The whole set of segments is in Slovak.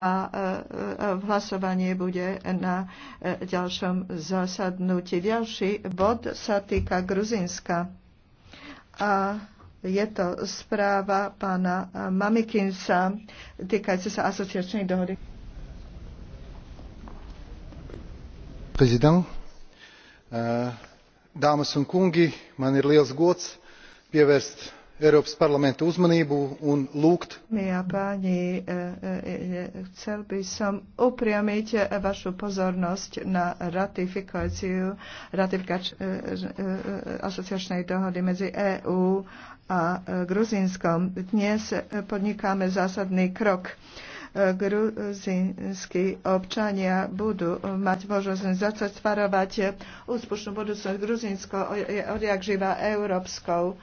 a e, e, v hlasovanie bude na e, ďalšom zasadnutí. Ďalší bod sa týka Gruzinska a je to správa pána Mamikinsa týkajúce sa asociačnej dohody. Prezident, dámy un kungi, man ir liels gods pievērst Eiropas parlamenta uzmanību un lūgt. Jā, páni, e, e, e, chcel by som upriamiť vašu pozornosť na ratifikáciu, asociačnej dohody medzi EÚ a Gruzínskom. Dnes podnikáme zásadný krok Gruzínsky občania budú mať možnosť zacestvarovať úspušnú budúcnosť Gruzinsko odjak živa európskou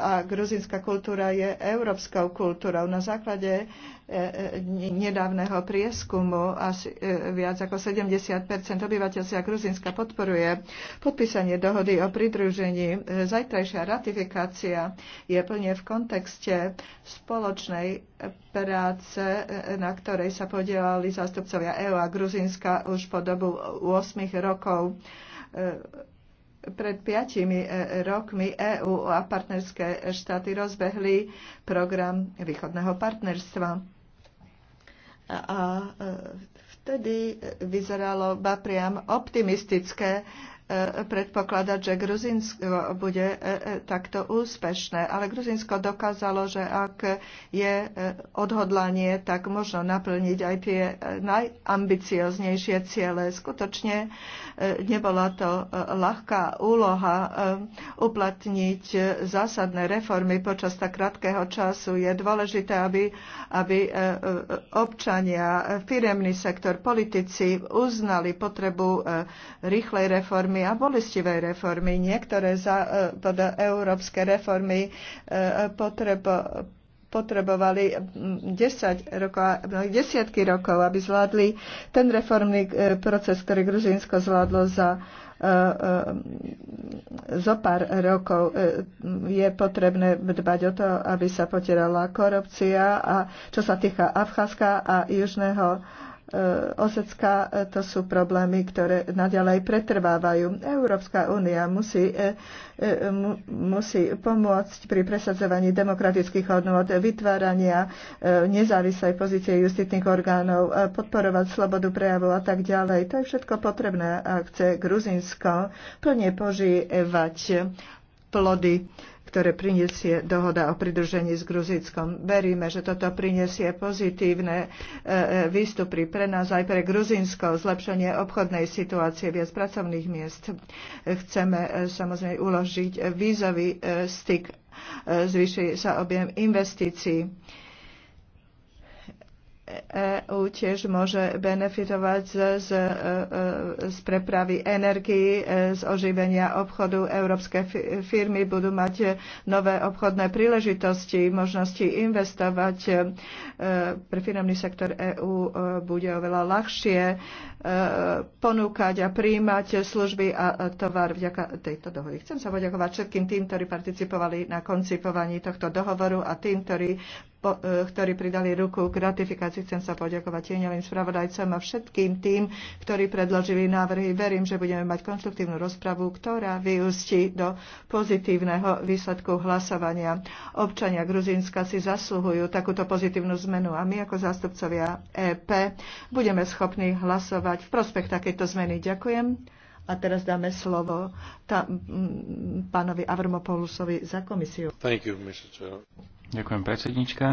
a gruzinská kultúra je európskou kultúrou. Na základe e, e, nedávneho prieskumu asi e, viac ako 70 obyvateľstva Gruzinska podporuje podpísanie dohody o pridružení. Zajtrajšia ratifikácia je plne v kontexte spoločnej práce, na ktorej sa podielali zástupcovia EÚ a Gruzinska už po dobu 8 rokov pred piatimi e, rokmi EÚ a partnerské štáty rozbehli program východného partnerstva. A e, vtedy vyzeralo ba priam optimistické E, predpokladať, že Gruzinsko bude e, e, takto úspešné. Ale Gruzinsko dokázalo, že ak je odhodlanie, tak možno naplniť aj tie najambicioznejšie ciele. Skutočne nebola to ľahká úloha uplatniť zásadné reformy počas tak krátkeho času. Je dôležité, aby, aby občania, firemný sektor, politici uznali potrebu rýchlej reformy reformy a bolestivé reformy. Niektoré za, e, teda európske reformy e, potrebo, potrebovali 10 mm, rokov, no, desiatky rokov, aby zvládli ten reformný e, proces, ktorý Gruzínsko zvládlo za zo pár rokov je potrebné dbať o to, aby sa potierala korupcia a čo sa týka Abcházska a Južného Eh, Osecka eh, to sú problémy, ktoré naďalej pretrvávajú. Európska únia musí, eh, musí pomôcť pri presadzovaní demokratických hodnot, vytvárania nezávislej pozície justitných orgánov, podporovať slobodu prejavu a tak ďalej. To je všetko potrebné, ak chce Gruzinsko plne požívať plody ktoré prinesie dohoda o pridružení s Gruzickom. Veríme, že toto prinesie pozitívne e, e, výstupy pre nás aj pre Gruzinsko, zlepšenie obchodnej situácie, viac pracovných miest. Chceme e, samozrejme uložiť vízový styk, zvýši sa objem investícií EU tiež môže benefitovať z, z, e, e, z prepravy energii, e, z oživenia obchodu. Európske firmy budú mať nové obchodné príležitosti, možnosti investovať. Pre firmný sektor EÚ bude oveľa ľahšie ponúkať a príjmať služby a tovar vďaka tejto dohody. Chcem sa poďakovať všetkým tým, ktorí participovali na koncipovaní tohto dohovoru a tým, ktorí po, e, ktorí pridali ruku k ratifikácii. Chcem sa poďakovať tieňovým spravodajcom a všetkým tým, ktorí predložili návrhy. Verím, že budeme mať konštruktívnu rozpravu, ktorá vyústi do pozitívneho výsledku hlasovania. Občania Gruzínska si zasluhujú takúto pozitívnu zmenu a my ako zástupcovia EP budeme schopní hlasovať v prospech takejto zmeny. Ďakujem. A teraz dáme slovo tá, m, pánovi Avramopoulosovi za komisiu. Thank you, Mr. Chair. Ďakujem predsednička.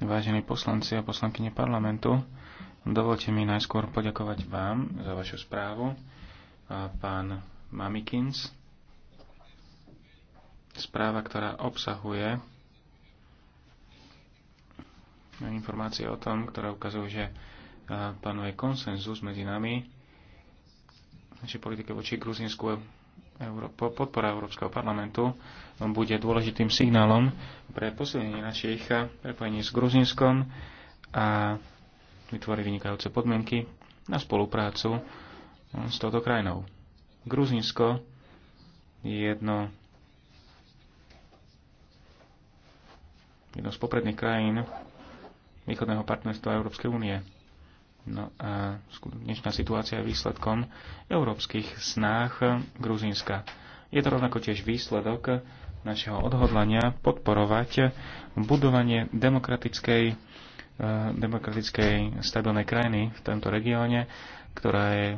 Vážení poslanci a poslankyne parlamentu, dovolte mi najskôr poďakovať vám za vašu správu. Pán Mamikins, správa, ktorá obsahuje informácie o tom, ktoré ukazujú, že panuje konsenzus medzi nami, naše politike voči Gruzinsku podpora Európskeho parlamentu bude dôležitým signálom pre posilnenie našich prepojení s Gruzinskom a vytvorí vynikajúce podmienky na spoluprácu e, s touto krajinou. Gruzinsko je jedno, jedno z popredných krajín východného partnerstva Európskej únie. No a dnešná situácia je výsledkom európskych snách Gruzínska. Je to rovnako tiež výsledok našeho odhodlania podporovať budovanie demokratickej, e, demokratickej stabilnej krajiny v tomto regióne, ktorá je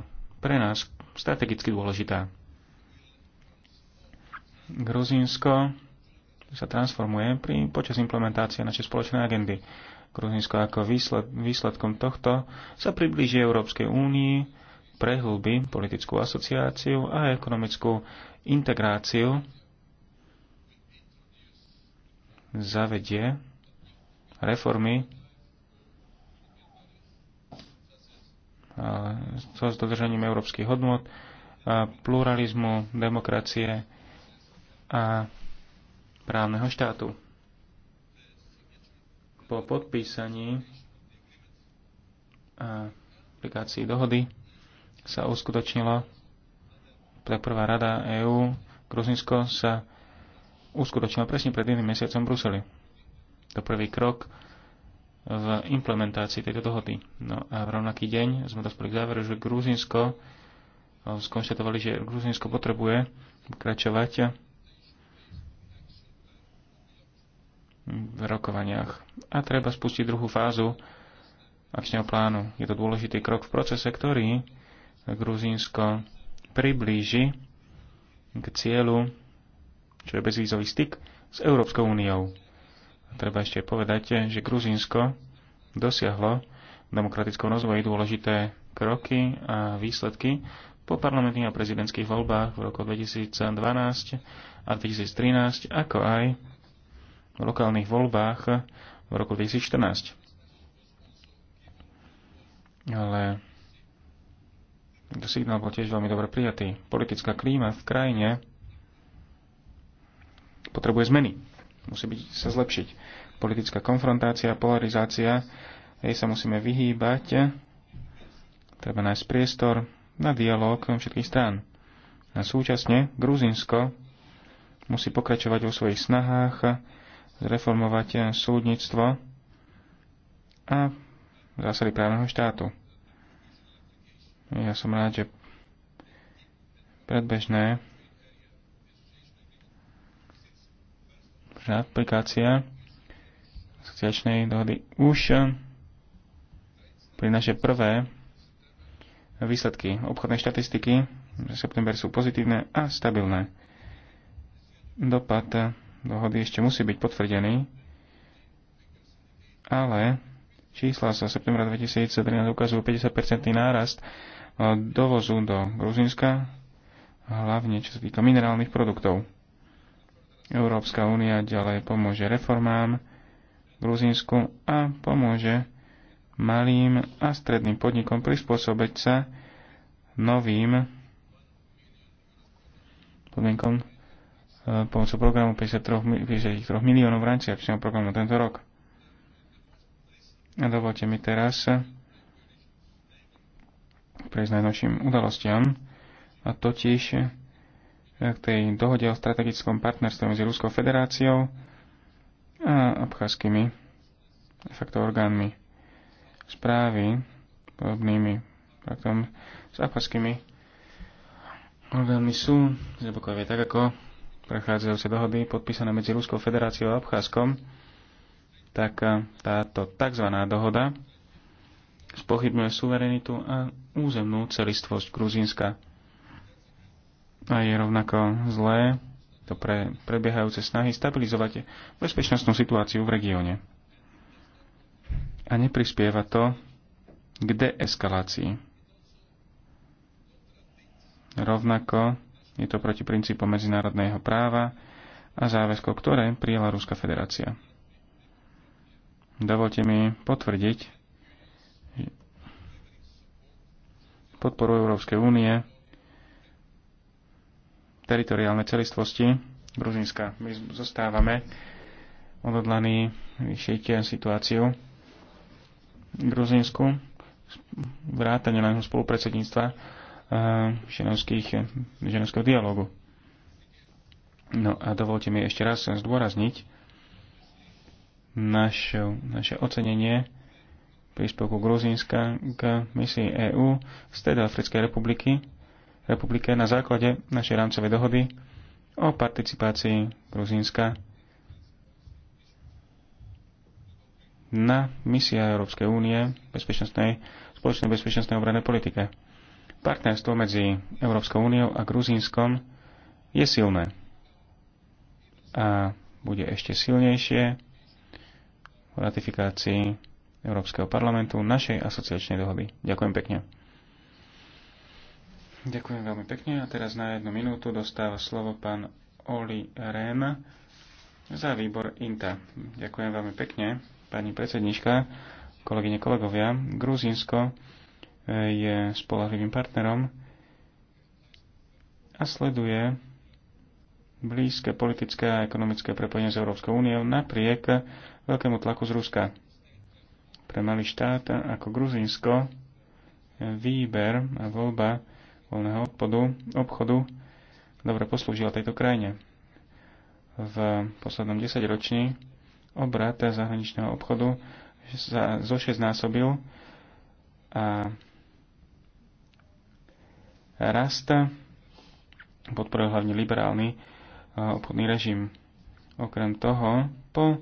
pre nás strategicky dôležitá. Gruzínsko sa transformuje pri, počas implementácie našej spoločnej agendy. Gruzínsko ako výsled, výsledkom tohto sa priblíži Európskej únii, prehlbí politickú asociáciu a ekonomickú integráciu zavedie reformy so zdržaním európskych hodnot, pluralizmu, demokracie a právneho štátu. Po podpísaní a aplikácii dohody sa uskutočnila pre prvá rada EÚ. Gruzinsko sa uskutočnil presne pred jedným mesiacom v Bruseli. To prvý krok v implementácii tejto dohody. No a v rovnaký deň sme dospeli k záveru, že Gruzinsko skonštatovali, že Gruzinsko potrebuje pokračovať v rokovaniach. A treba spustiť druhú fázu akčného plánu. Je to dôležitý krok v procese, ktorý Gruzínsko priblíži k cieľu čo je bezvízový styk s Európskou úniou. Treba ešte povedať, že Gruzínsko dosiahlo v demokratickom rozvoji dôležité kroky a výsledky po parlamentných a prezidentských voľbách v roku 2012 a 2013, ako aj v lokálnych voľbách v roku 2014. Ale tento signál bol tiež veľmi dobre prijatý. Politická klíma v krajine potrebuje zmeny. Musí byť, sa zlepšiť. Politická konfrontácia, polarizácia, jej sa musíme vyhýbať. Treba nájsť priestor na dialog všetkých strán. A súčasne Gruzinsko musí pokračovať vo svojich snahách zreformovať súdnictvo a zásady právneho štátu. Ja som rád, že predbežné že aplikácia asociačnej dohody už eh, pri naše prvé výsledky obchodnej štatistiky V september sú pozitívne a stabilné. Dopad dohody ešte musí byť potvrdený, ale čísla sa septembra 2013 ukazujú 50% nárast eh, dovozu do Gruzínska, hlavne čo sa týka minerálnych produktov. Európska únia ďalej pomôže reformám v Gruzínsku a pomôže malým a stredným podnikom prispôsobiť sa novým podmienkom e, pomocou programu 53, 53 miliónov v rámci akčného programu tento rok. A dovolte mi teraz prejsť najnovším udalostiam, a totiž k tej dohode o strategickom partnerstve medzi Ruskou federáciou a abcházskými facto orgánmi správy podobnými faktom s abcházskými orgánmi sú zrebokovie tak ako prechádzajúce dohody podpísané medzi Ruskou federáciou a Abcházkom, tak táto tzv. dohoda spochybňuje suverenitu a územnú celistvosť Gruzínska a je rovnako zlé to pre prebiehajúce snahy stabilizovať bezpečnostnú situáciu v regióne. A neprispieva to k deeskalácii. Rovnako je to proti princípu medzinárodného práva a záväzkov, ktoré prijala Ruská federácia. Dovolte mi potvrdiť podporu Európskej únie teritoriálne celistvosti Gruzínska. My zostávame odhodlaní vyššite situáciu Gruzínsku, vrátane nášho spolupredsedníctva eh, ženovského dialogu. No a dovolte mi ešte raz zdôrazniť naše, naše ocenenie príspevku Gruzínska k misii EÚ z Africkej republiky republike na základe našej rámcovej dohody o participácii Gruzínska na misia Európskej únie bezpečnostnej, spoločnej bezpečnostnej obranej politike. Partnerstvo medzi Európskou úniou a Gruzínskom je silné a bude ešte silnejšie v ratifikácii Európskeho parlamentu našej asociačnej dohody. Ďakujem pekne. Ďakujem veľmi pekne a teraz na jednu minútu dostáva slovo pán Oli Rem za výbor INTA. Ďakujem veľmi pekne, pani predsednička, kolegyne, kolegovia. Gruzínsko eh, je spolahlivým partnerom a sleduje blízke politické a ekonomické prepojenie s Európskou úniou napriek veľkému tlaku z Ruska. Pre malý štát ako Gruzínsko eh, výber a voľba voľného obchodu, obchodu dobre poslúžila tejto krajine. V poslednom ročí obrat zahraničného obchodu sa zo 6 násobil a rast podporil hlavne liberálny e, obchodný režim. Okrem toho, po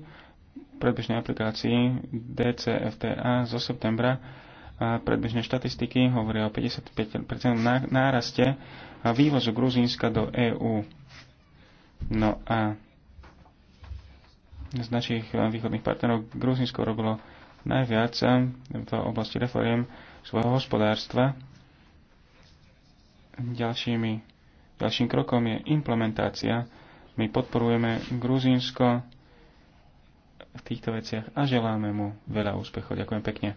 predbežnej aplikácii DCFTA zo septembra predbežné štatistiky hovoria o 55% náraste vývozu Gruzínska do EÚ. No a z našich východných partnerov Gruzínsko robilo najviac um, v oblasti reforiem svojho hospodárstva. Ďalšími, ďalším krokom je implementácia. My podporujeme Gruzínsko v týchto veciach a želáme mu veľa úspechov. Ďakujem pekne.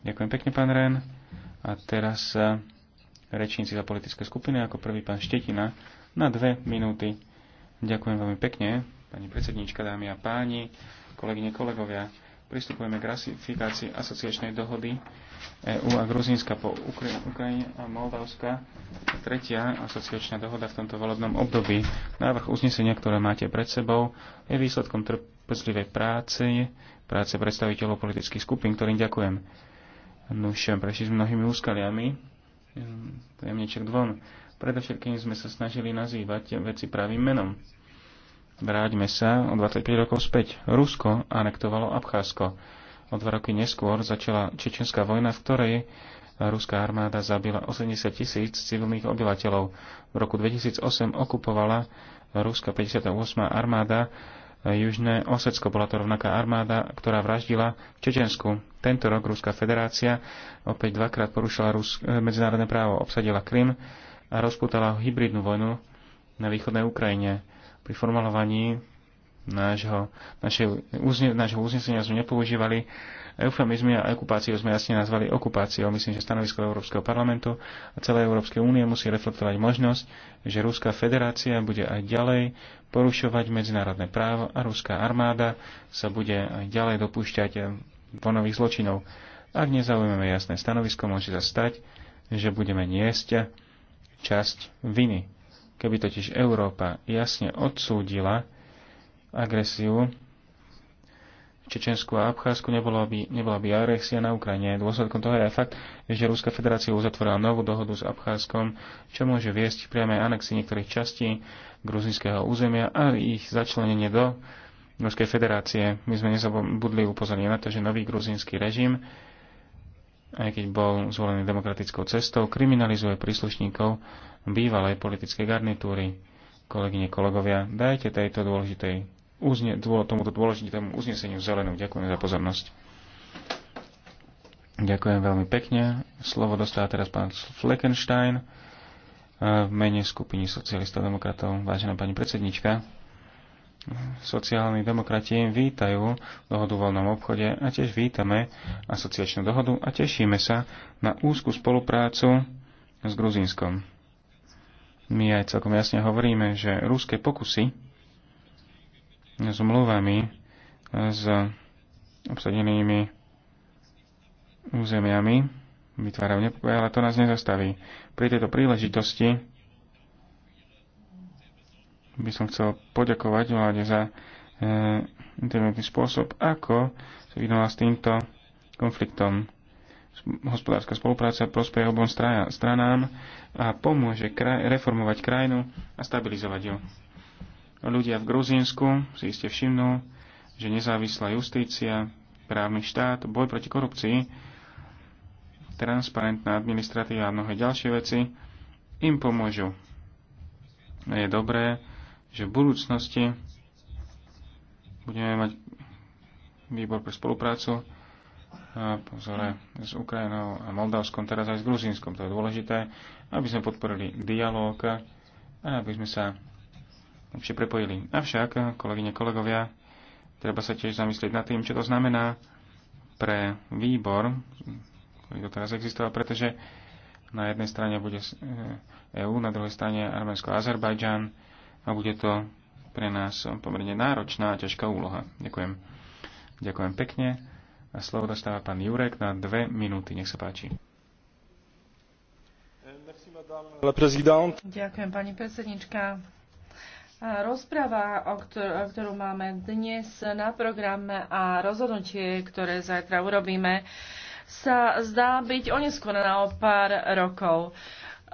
Ďakujem pekne, pán Ren. A teraz e, rečníci za politické skupiny, ako prvý pán Štetina, na dve minúty. Ďakujem veľmi pekne, pani predsednička, dámy a páni, kolegyne, kolegovia. Pristupujeme k ratifikácii asociačnej dohody EU a Gruzínska po Ukrajine a Moldavska. Tretia asociačná dohoda v tomto volebnom období. Návrh uznesenia, ktoré máte pred sebou, je výsledkom trpezlivej práce, práce predstaviteľov politických skupín, ktorým ďakujem. Nuž, no prešli s mnohými úskaliami, priamneček ehm, dvom. Predovšetkým sme sa snažili nazývať veci pravým menom. Vráťme sa o 25 rokov späť. Rusko anektovalo Abcházsko. O dva roky neskôr začala čečenská vojna, v ktorej ruská armáda zabila 80 tisíc civilných obyvateľov. V roku 2008 okupovala ruská 58. armáda Južné Osecko. Bola to rovnaká armáda, ktorá vraždila v Čečensku. Tento rok Ruská federácia opäť dvakrát porušila Rus- eh, medzinárodné právo, obsadila Krym a rozputala hybridnú vojnu na východnej Ukrajine. Pri formulovaní nášho, našej, nášho uznesenia sme nepoužívali Eufemizmy a okupáciu sme jasne nazvali okupáciou. Myslím, že stanovisko Európskeho parlamentu a celé Európskej únie musí reflektovať možnosť, že Ruská federácia bude aj ďalej porušovať medzinárodné právo a ruská armáda sa bude aj ďalej dopúšťať vonových zločinov. Ak nezaujmeme jasné stanovisko, môže sa stať, že budeme niesť časť viny. Keby totiž Európa jasne odsúdila agresiu Čečensku a Abcházsku, nebola by, nebola by arexia na Ukrajine. Dôsledkom toho je aj fakt, že Ruská federácia uzatvorila novú dohodu s Abcházskom, čo môže viesť priame priamej niektorých častí gruzinského územia a ich začlenenie do Ruskej federácie. My sme nezabudli upozorniť na to, že nový gruzínsky režim, aj keď bol zvolený demokratickou cestou, kriminalizuje príslušníkov bývalej politickej garnitúry. Kolegyne, kolegovia, dajte tejto dôležitej uzne, tomuto dôležitému uzneseniu zelenú. Ďakujem za pozornosť. Ďakujem veľmi pekne. Slovo dostáva teraz pán Fleckenstein eh, v mene skupiny socialistov demokratov. Vážená pani predsednička, sociálni demokrati vítajú dohodu o voľnom obchode a tiež vítame asociačnú dohodu a tešíme sa na úzku spoluprácu s Gruzínskom. My aj celkom jasne hovoríme, že ruské pokusy s zmluvami s obsadenými územiami vytvárajú nepokoj, ale to nás nezastaví. Pri tejto príležitosti by som chcel poďakovať vláde za e, inteligentný spôsob, ako sa vydala s týmto konfliktom. Hospodárska spolupráca prospeje obom stranám a pomôže kraj, reformovať krajinu a stabilizovať ju. Ľudia v Gruzínsku si iste všimnú, že nezávislá justícia, právny štát, boj proti korupcii, transparentná administratíva a mnohé ďalšie veci im pomôžu. Je dobré, že v budúcnosti budeme mať výbor pre spoluprácu a pozore s Ukrajinou a Moldavskom, teraz aj s Gruzínskom. To je dôležité, aby sme podporili dialóg a aby sme sa lepšie prepojili. Avšak, kolegyne, kolegovia, treba sa tiež zamyslieť nad tým, čo to znamená pre výbor, ktorý doteraz existoval, pretože na jednej strane bude EÚ, e na druhej strane Arménsko a Azerbajdžan a bude to pre nás pomerne náročná a ťažká úloha. Ďakujem. Ďakujem pekne. A slovo dostáva pán Jurek na dve minúty. Nech sa páči. Ďakujem, pani predsednička. Rozprava, o ktorú máme dnes na programe a rozhodnutie, ktoré zajtra urobíme, sa zdá byť oneskorená o pár rokov.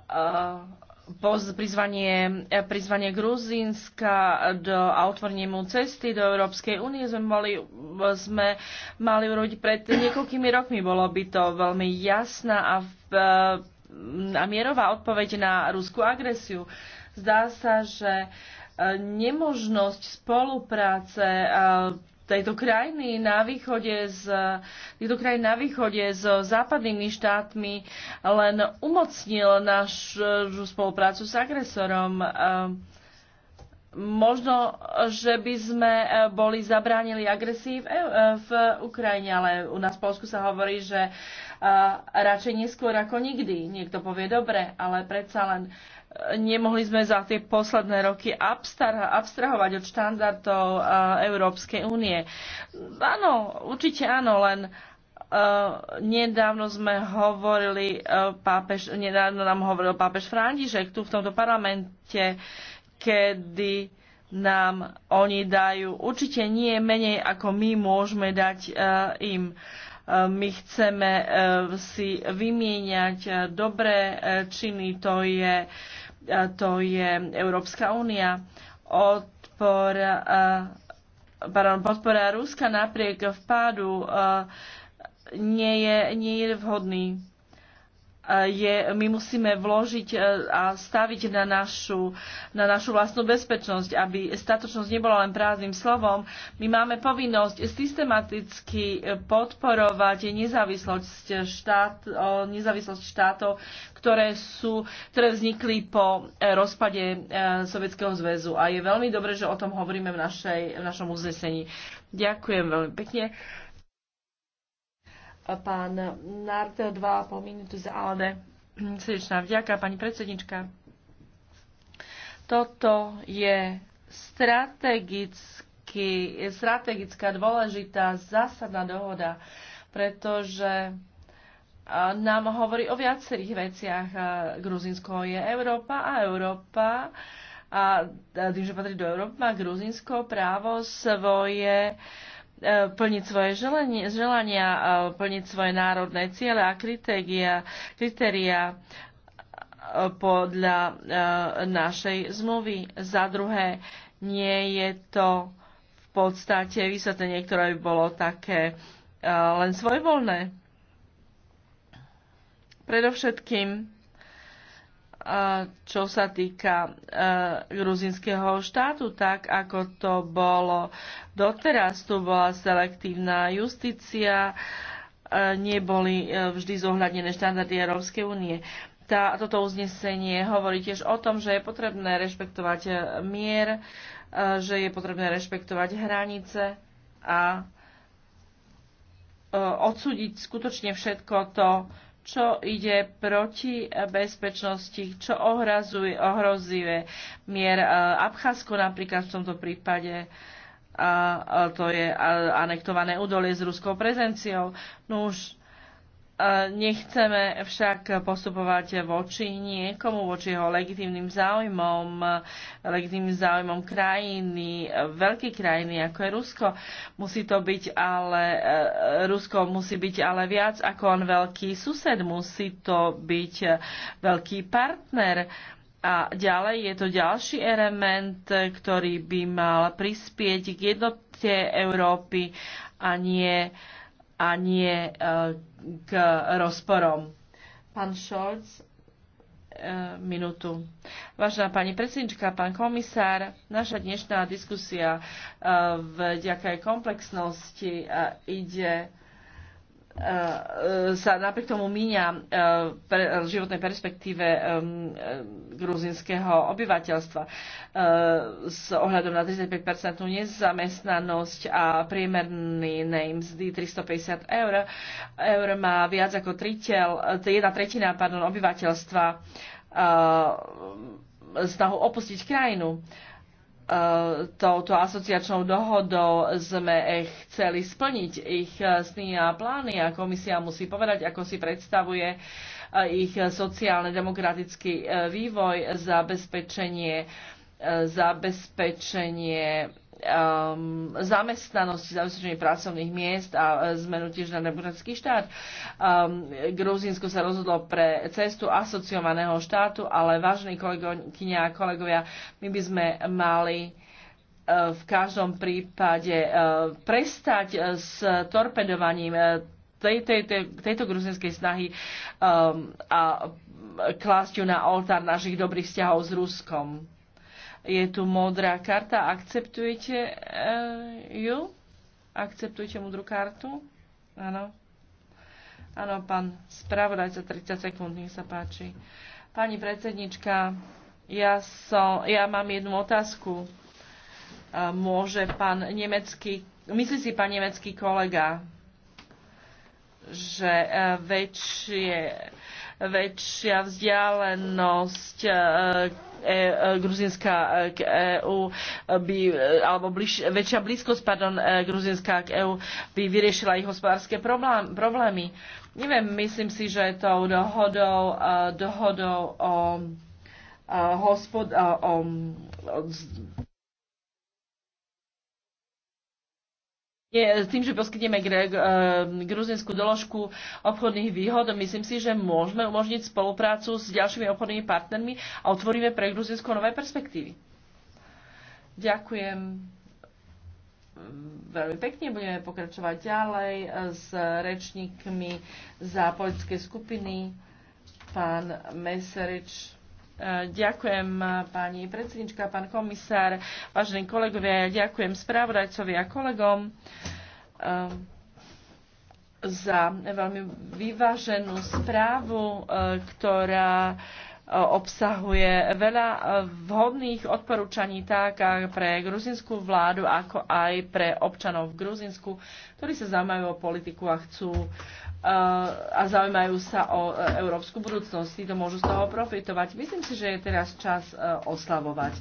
Eh, prizvanie, prizvanie Gruzínska do, a otvorenie mu cesty do Európskej únie sme mali, sme mali urobiť pred niekoľkými rokmi. Bolo by to veľmi jasná a, eh, a mierová odpoveď na ruskú agresiu. Zdá sa, že uh, E, nemožnosť spolupráce e, tejto krajiny na východe z, tejto krajiny na východe s západnými štátmi len umocnil našu spoluprácu s agresorom. E, možno, že by sme boli zabránili agresii v, v Ukrajine, ale u nás v Polsku sa hovorí, že radšej neskôr ako nikdy. Niekto povie dobre, ale predsa len uh, nemohli sme za tie posledné roky abstrahovať od štandardov eh, Európskej únie. Áno, určite áno, len Uh, nedávno sme hovorili, uh, pápež, nedávno nám hovoril pápež František tu v tomto parlamente, kedy nám oni dajú určite nie menej, ako my môžeme dať uh, im. Uh, my chceme uh, si vymieňať uh, dobré uh, činy, to je uh, to je Európska únia. Odpor, uh, pardon, podpora Ruska napriek vpádu uh, nie je, nie je vhodný je, my musíme vložiť e, a staviť na našu, na našu vlastnú bezpečnosť, aby statočnosť nebola len prázdnym slovom. My máme povinnosť systematicky e, podporovať nezávislosť, štát, e, nezávislosť štátov, ktoré, sú, ktoré vznikli po rozpade Sovietskeho zväzu. A je veľmi dobré, že o tom hovoríme v, našej, v našom uznesení. Ďakujem veľmi pekne. Pán Nard, 2,5 minúty za ALDE. Srdečná vďaka, pani predsednička. Toto je strategicky, strategická dôležitá zásadná dohoda, pretože nám hovorí o viacerých veciach. Gruzinsko je Európa a Európa a tým, že patrí do Európy, má Gruzinsko právo svoje uh, E, plniť svoje želania, e, plniť svoje národné ciele a kritéria, kritéria e, podľa našej zmluvy. Za druhé, nie je to v podstate vysvetlenie, ktoré by bolo také len svojvoľné. Predovšetkým E, čo sa týka e, gruzinského štátu, tak ako to bolo doteraz. Tu bola selektívna justícia, e, neboli vždy zohľadnené štandardy Európskej únie. Tá, toto uznesenie hovorí tiež o tom, že je potrebné rešpektovať mier, že je potrebné rešpektovať hranice a odsúdiť skutočne všetko to, čo ide proti bezpečnosti, čo ohrazuje, ohrozuje mier e, Abcházsko napríklad v tomto prípade a to je anektované údolie s ruskou prezenciou. No už e, Nechceme však postupovať voči niekomu, voči jeho legitímnym záujmom, legitímnym záujmom krajiny, veľkej krajiny ako je Rusko. Musí to byť ale e, Rusko musí byť ale viac ako on veľký sused, musí to byť veľký partner. A ďalej je to ďalší element, ktorý by mal prispieť k jednote Európy a nie, a nie e, k rozporom. Pán Scholz minútu. Vážená pani predsednička, pán komisár, naša dnešná diskusia eh, vďaka komplexnosti eh, ide sa napriek tomu míňa e, v životnej perspektíve e, e, gruzinského obyvateľstva s ohľadom na 35% nezamestnanosť a priemerný name mzdy 350 eur. Eur má viac ako triteľ, jedna tretina pardon, obyvateľstva snahu opustiť krajinu. E, touto asociačnou dohodou sme e, chceli splniť ich e, sny a plány a komisia musí povedať, ako si predstavuje ich sociálne-demokratický vývoj, zabezpečenie, zabezpečenie um, zamestnanosti, zabezpečenie pracovných miest a e, zmenu tiež na demokratický štát. Um, Gruzínsko sa rozhodlo pre cestu asociovaného štátu, ale vážení kolegyňa a kolegovia, my by sme mali e, v každom prípade e, prestať s torpedovaním tej, tej, tej, tejto gruzinskej snahy um, a klásť ju na oltár našich dobrých vzťahov s Ruskom. Je tu modrá karta. Akceptujete eh, ju? Akceptujete modrú kartu? Áno. Áno, pán spravodajca, 30 sekúnd, nech sa páči. Pani predsednička, ja, som, ja mám jednu otázku. Eh, môže pán nemecký, myslí si pán nemecký kolega, že eh, väčšie, väčšia vzdialenosť E, e, Gruzinska e, k EU by, alebo bliž, väčšia blízkosť pardon, Gruzinska k EU by vyriešila ich hospodárske problémy. Neviem, myslím si, že tou dohodou, dohodou o, hospod, o, o, o s tým, že poskytneme e, gruzinskú doložku obchodných výhod, myslím si, že môžeme umožniť spoluprácu s ďalšími obchodnými partnermi a otvoríme pre Gruzinsko nové perspektívy. Ďakujem veľmi pekne. Budeme pokračovať ďalej e, s rečníkmi za politické skupiny. Pán Meserič Ďakujem pani predsednička, pán komisár, vážení kolegovia, ďakujem správodajcovi a kolegom um, za veľmi vyváženú správu, uh, ktorá uh, obsahuje veľa uh, vhodných odporúčaní tak pre gruzinskú vládu, ako aj pre občanov v Gruzinsku, ktorí sa zaujímajú o politiku a chcú a zaujímajú sa o e, európsku budúcnosť. Títo môžu z toho profitovať. Myslím si, že je teraz čas e, oslavovať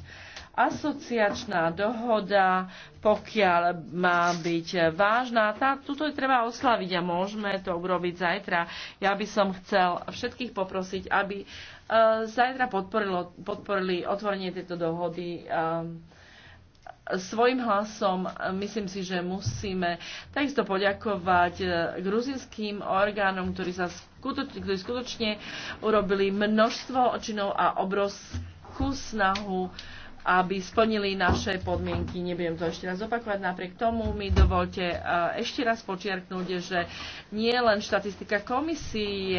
asociačná dohoda, pokiaľ má byť vážna. Tá, tuto je treba oslaviť a môžeme to urobiť zajtra. Ja by som chcel všetkých poprosiť, aby e, zajtra podporilo, podporili otvorenie tejto dohody svojim hlasom e, myslím si, že musíme takisto poďakovať e, gruzinským orgánom, ktorí, sa skutočne, ktorí skutočne urobili množstvo očinov a obrovskú snahu uh, aby splnili naše podmienky. Nebudem to ešte raz opakovať. Napriek tomu mi dovolte e, ešte raz počiarknúť, že nie len štatistika komisie e,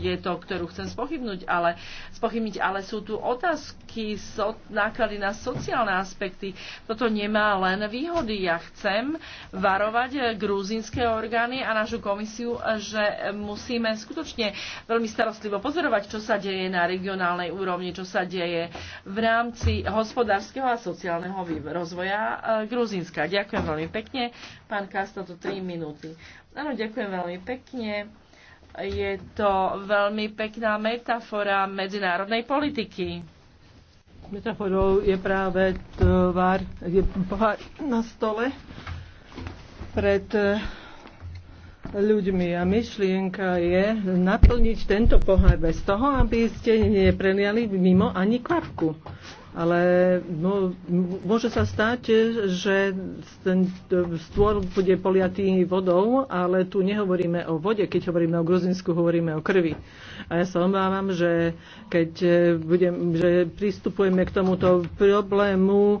je to, ktorú chcem spochybnúť, ale, spochybniť, ale sú tu otázky, so, náklady na sociálne aspekty. Toto nemá len výhody. Ja chcem varovať grúzinské orgány a našu komisiu, že musíme skutočne veľmi starostlivo pozorovať, čo sa deje na regionálnej úrovni, čo sa deje v rámci hospodárskeho a sociálneho rozvoja e, Gruzínska. Ďakujem veľmi pekne. Pán Kasta, to 3 minúty. Áno, ďakujem veľmi pekne. Je to veľmi pekná metafora medzinárodnej politiky. Metaforou je práve tvár, je pohár na stole pred e, ľuďmi a myšlienka je naplniť tento pohár bez toho, aby ste nepreliali mimo ani kvapku ale no, môže sa stať, že ten stôl bude poliatý vodou, ale tu nehovoríme o vode, keď hovoríme o Gruzinsku, hovoríme o krvi. A ja sa obávam, že keď e, budem, že pristupujeme k tomuto problému e,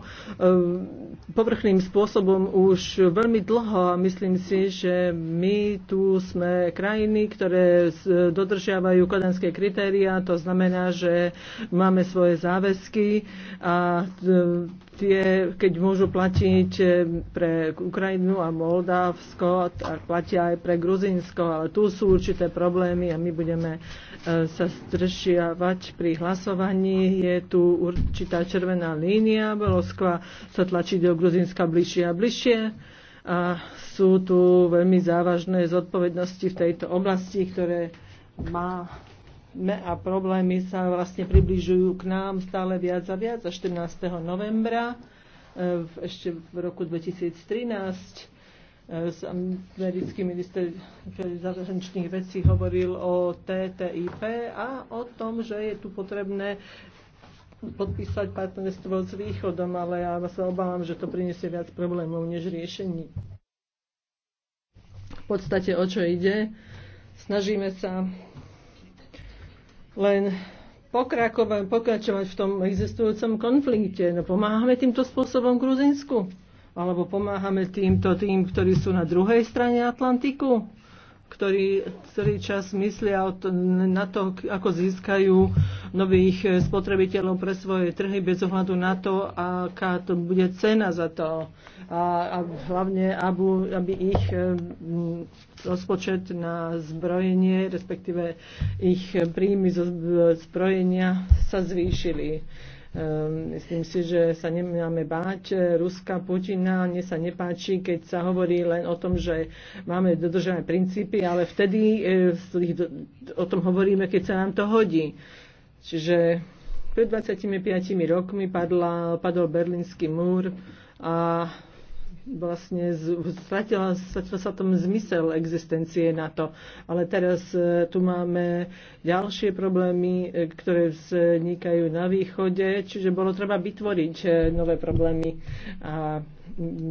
povrchným spôsobom už veľmi dlho a myslím si, že my tu sme krajiny, ktoré dodržiavajú kodanské kritéria, to znamená, že máme svoje záväzky, a tie, keď môžu platiť eh, pre Ukrajinu a Moldavsko tak platia aj pre Gruzínsko, ale tu sú určité problémy a my budeme eh, sa stršiavať pri hlasovaní. Je tu určitá červená línia, Moskva sa tlačí do Gruzinska bližšie a bližšie a sú tu veľmi závažné zodpovednosti v tejto oblasti, ktoré má a problémy sa vlastne približujú k nám stále viac a viac. A 14. novembra e, ešte v roku 2013 e, americký minister zahraničných vecí hovoril o TTIP a o tom, že je tu potrebné podpísať partnerstvo s východom, ale ja sa obávam, že to priniesie viac problémov než riešení. V podstate o čo ide? Snažíme sa len pokračovať v tom existujúcom konflikte. No pomáhame týmto spôsobom Gruzinsku? Alebo pomáhame týmto tým, ktorí sú na druhej strane Atlantiku? ktorí celý čas myslia na to, ako získajú nových eh, spotrebiteľov pre svoje trhy bez ohľadu na to, aká to bude cena za to. A, a hlavne, aby, aby ich eh, rozpočet na zbrojenie, respektíve ich eh, príjmy zo zbrojenia sa zvýšili. Ehm, myslím si, že sa nemáme báť eh, Ruska, Putina. Mne sa nepáči, keď sa hovorí len o tom, že máme dodržané princípy, ale vtedy eh, o tom hovoríme, keď sa nám to hodí. Čiže pred 25 rokmi padla, padol Berlínsky múr a vlastne stratila, stratila sa tom zmysel existencie NATO. Ale teraz e, tu máme ďalšie problémy, e, ktoré vznikajú na východe, čiže bolo treba vytvoriť e, nové problémy. A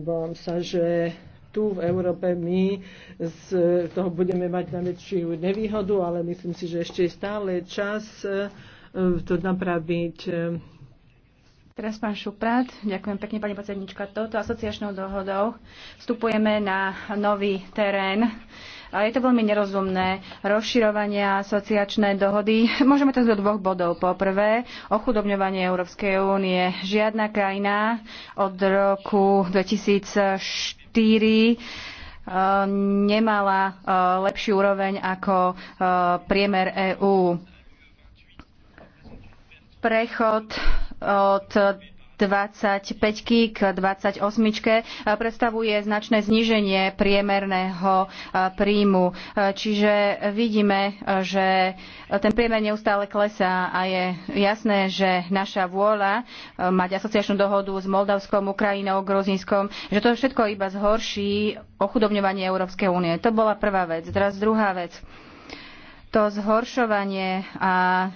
bojím sa, že tu v Európe my z toho budeme mať najväčšiu nevýhodu, ale myslím si, že ešte je stále čas to napraviť Teraz pán Šuprát, ďakujem pekne pani predsednička. Toto asociačnou dohodou vstupujeme na nový terén. A je to veľmi nerozumné rozširovanie asociačné dohody. Môžeme to do dvoch bodov. Po prvé, ochudobňovanie Európskej únie. Žiadna krajina od roku 2004 eh, nemala eh, lepší úroveň ako eh, priemer EÚ. Prechod od 25 k 28 eh, predstavuje značné zníženie priemerného eh, príjmu. Eh, čiže vidíme, že ten priemer neustále klesá a je jasné, že naša vôľa mať asociačnú dohodu s Moldavskom, Ukrajinou, Grozinskom, že to všetko iba zhorší ochudobňovanie Európskej únie. To bola prvá vec. Teraz druhá vec. To zhoršovanie a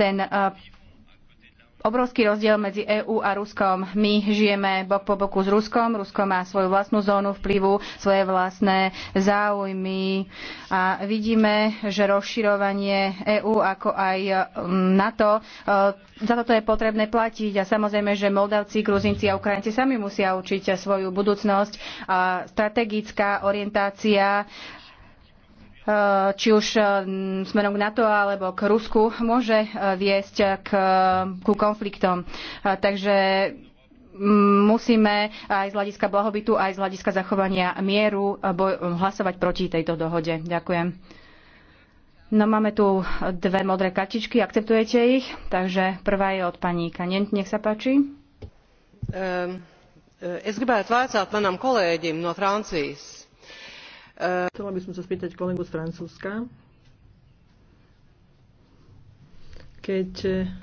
ten obrovský rozdiel medzi EÚ a Ruskom. My žijeme bok po boku s Ruskom. Rusko má svoju vlastnú zónu vplyvu, svoje vlastné záujmy a vidíme, že rozširovanie EÚ ako aj e, NATO, e, za toto je potrebné platiť a samozrejme, že Moldavci, Gruzinci a Ukrajinci sami musia učiť svoju budúcnosť a strategická orientácia Eh, či už eh, smerom k NATO alebo k Rusku, môže eh, viesť k, ku konfliktom. Takže mm, musíme aj z hľadiska blahobytu, aj z hľadiska zachovania mieru hlasovať proti tejto dohode. Ďakujem. No máme tu dve modré kartičky, akceptujete ich? Takže prvá je od pani Kanent, nech sa páči. Um, es gribētu vaicāt manam kolēģim no Francijas, E, chcela by som sa spýtať kolegu z Francúzska. Keď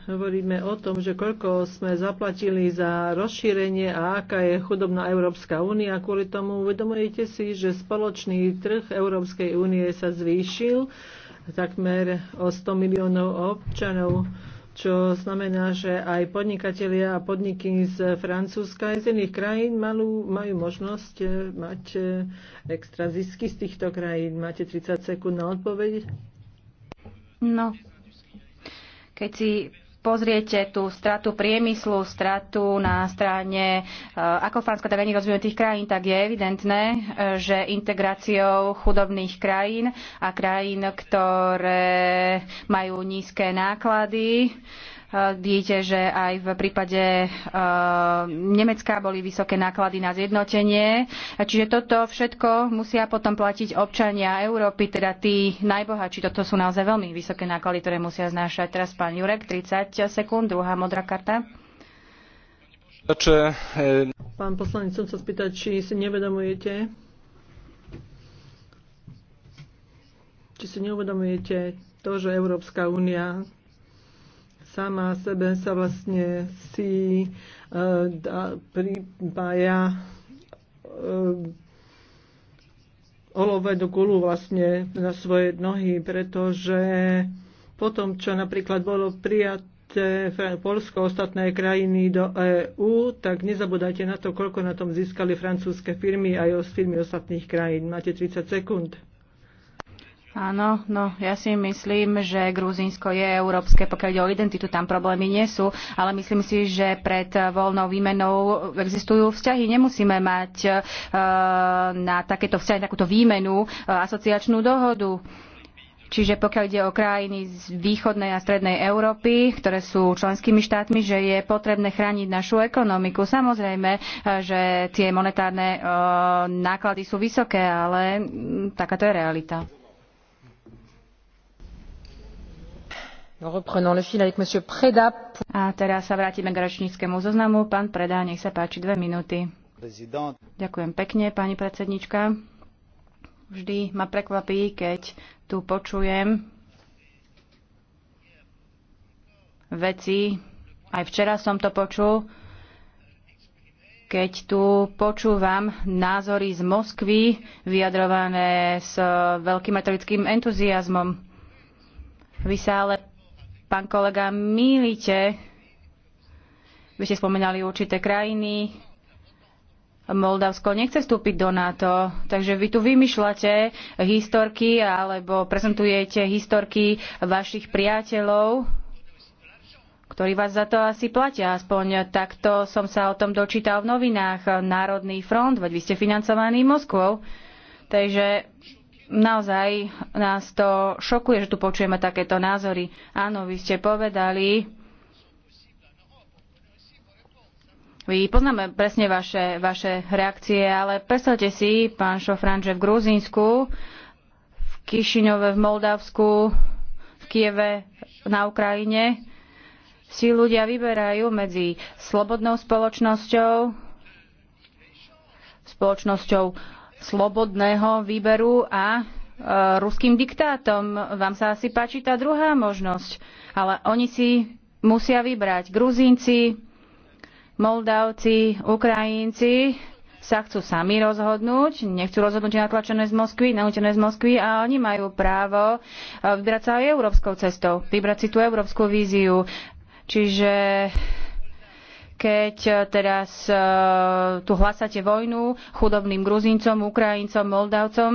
hovoríme o tom, že koľko sme zaplatili za rozšírenie a aká je chudobná Európska únia, kvôli tomu uvedomujete si, že spoločný trh Európskej únie sa zvýšil takmer o 100 miliónov občanov čo znamená, že aj podnikatelia a podniky z Francúzska aj z iných krajín malú, majú možnosť e, mať e, extra zisky z týchto krajín. Máte 30 sekúnd na odpoveď? No, keď si pozriete tú stratu priemyslu, stratu na strane eh, ako Francka, tak ani rozvinutých krajín, tak je evidentné, eh, že integráciou chudobných krajín a krajín, ktoré majú nízke náklady, Vidíte, že aj v prípade eh, Nemecka boli vysoké náklady na zjednotenie. Čiže toto všetko musia potom platiť občania Európy, teda tí najbohatší. Toto sú naozaj veľmi vysoké náklady, ktoré musia znášať. Teraz pán Jurek, 30 sekúnd, druhá modrá karta. Pán poslanec, chcem sa spýtať, či si nevedomujete, či si neuvedomujete to, že Európska únia sama sebe sa vlastne si uh, da, pripája uh, olove do gulu vlastne na svoje nohy, pretože potom, čo napríklad bolo prijaté Polsko, ostatné krajiny do EÚ, tak nezabudajte na to, koľko na tom získali francúzske firmy aj z firmy ostatných krajín. Máte 30 sekúnd. Áno, no ja si myslím, že Gruzínsko je európske, pokiaľ ide o identitu, tam problémy nie sú, ale myslím si, že pred voľnou výmenou existujú vzťahy. Nemusíme mať uh, na takéto vzťahy, takúto výmenu uh, asociačnú dohodu. Čiže pokiaľ ide o krajiny z východnej a strednej Európy, ktoré sú členskými štátmi, že je potrebné chrániť našu ekonomiku. Samozrejme, eh, že tie monetárne náklady sú vysoké, ale mm, takáto je realita. A teraz sa vrátime k rečníckému zoznamu. Pán preda, nech sa páči dve minúty. Ďakujem pekne, pani predsednička. Vždy ma prekvapí, keď tu počujem veci, aj včera som to počul, keď tu počúvam názory z Moskvy vyjadrované s veľkým retorickým entuziasmom. Vy sa ale Pán kolega, mýlite. Vy ste spomenali určité krajiny. Moldavsko nechce vstúpiť do NATO, takže vy tu vymýšľate historky alebo prezentujete historky vašich priateľov, ktorí vás za to asi platia. Aspoň takto som sa o tom dočítal v novinách. Národný front, veď vy ste financovaní Moskvou. Takže naozaj nás to šokuje, že tu počujeme takéto názory. Áno, vy ste povedali, vy poznáme presne vaše, vaše reakcie, ale predstavte si, pán Šofran, že v Gruzínsku, v Kišiňove, v Moldavsku, v Kieve, na Ukrajine si ľudia vyberajú medzi slobodnou spoločnosťou, spoločnosťou slobodného výberu a e, ruským diktátom. Vám sa asi páči tá druhá možnosť, ale oni si musia vybrať. Gruzínci, Moldavci, Ukrajinci sa chcú sami rozhodnúť, nechcú rozhodnúť natlačené z Moskvy, nanútené z Moskvy a oni majú právo e, vybrať sa aj európskou cestou, vybrať si tú európsku víziu. Čiže keď eh, teraz eh, tu hlasáte vojnu chudobným Gruzincom, Ukrajincom, Moldavcom.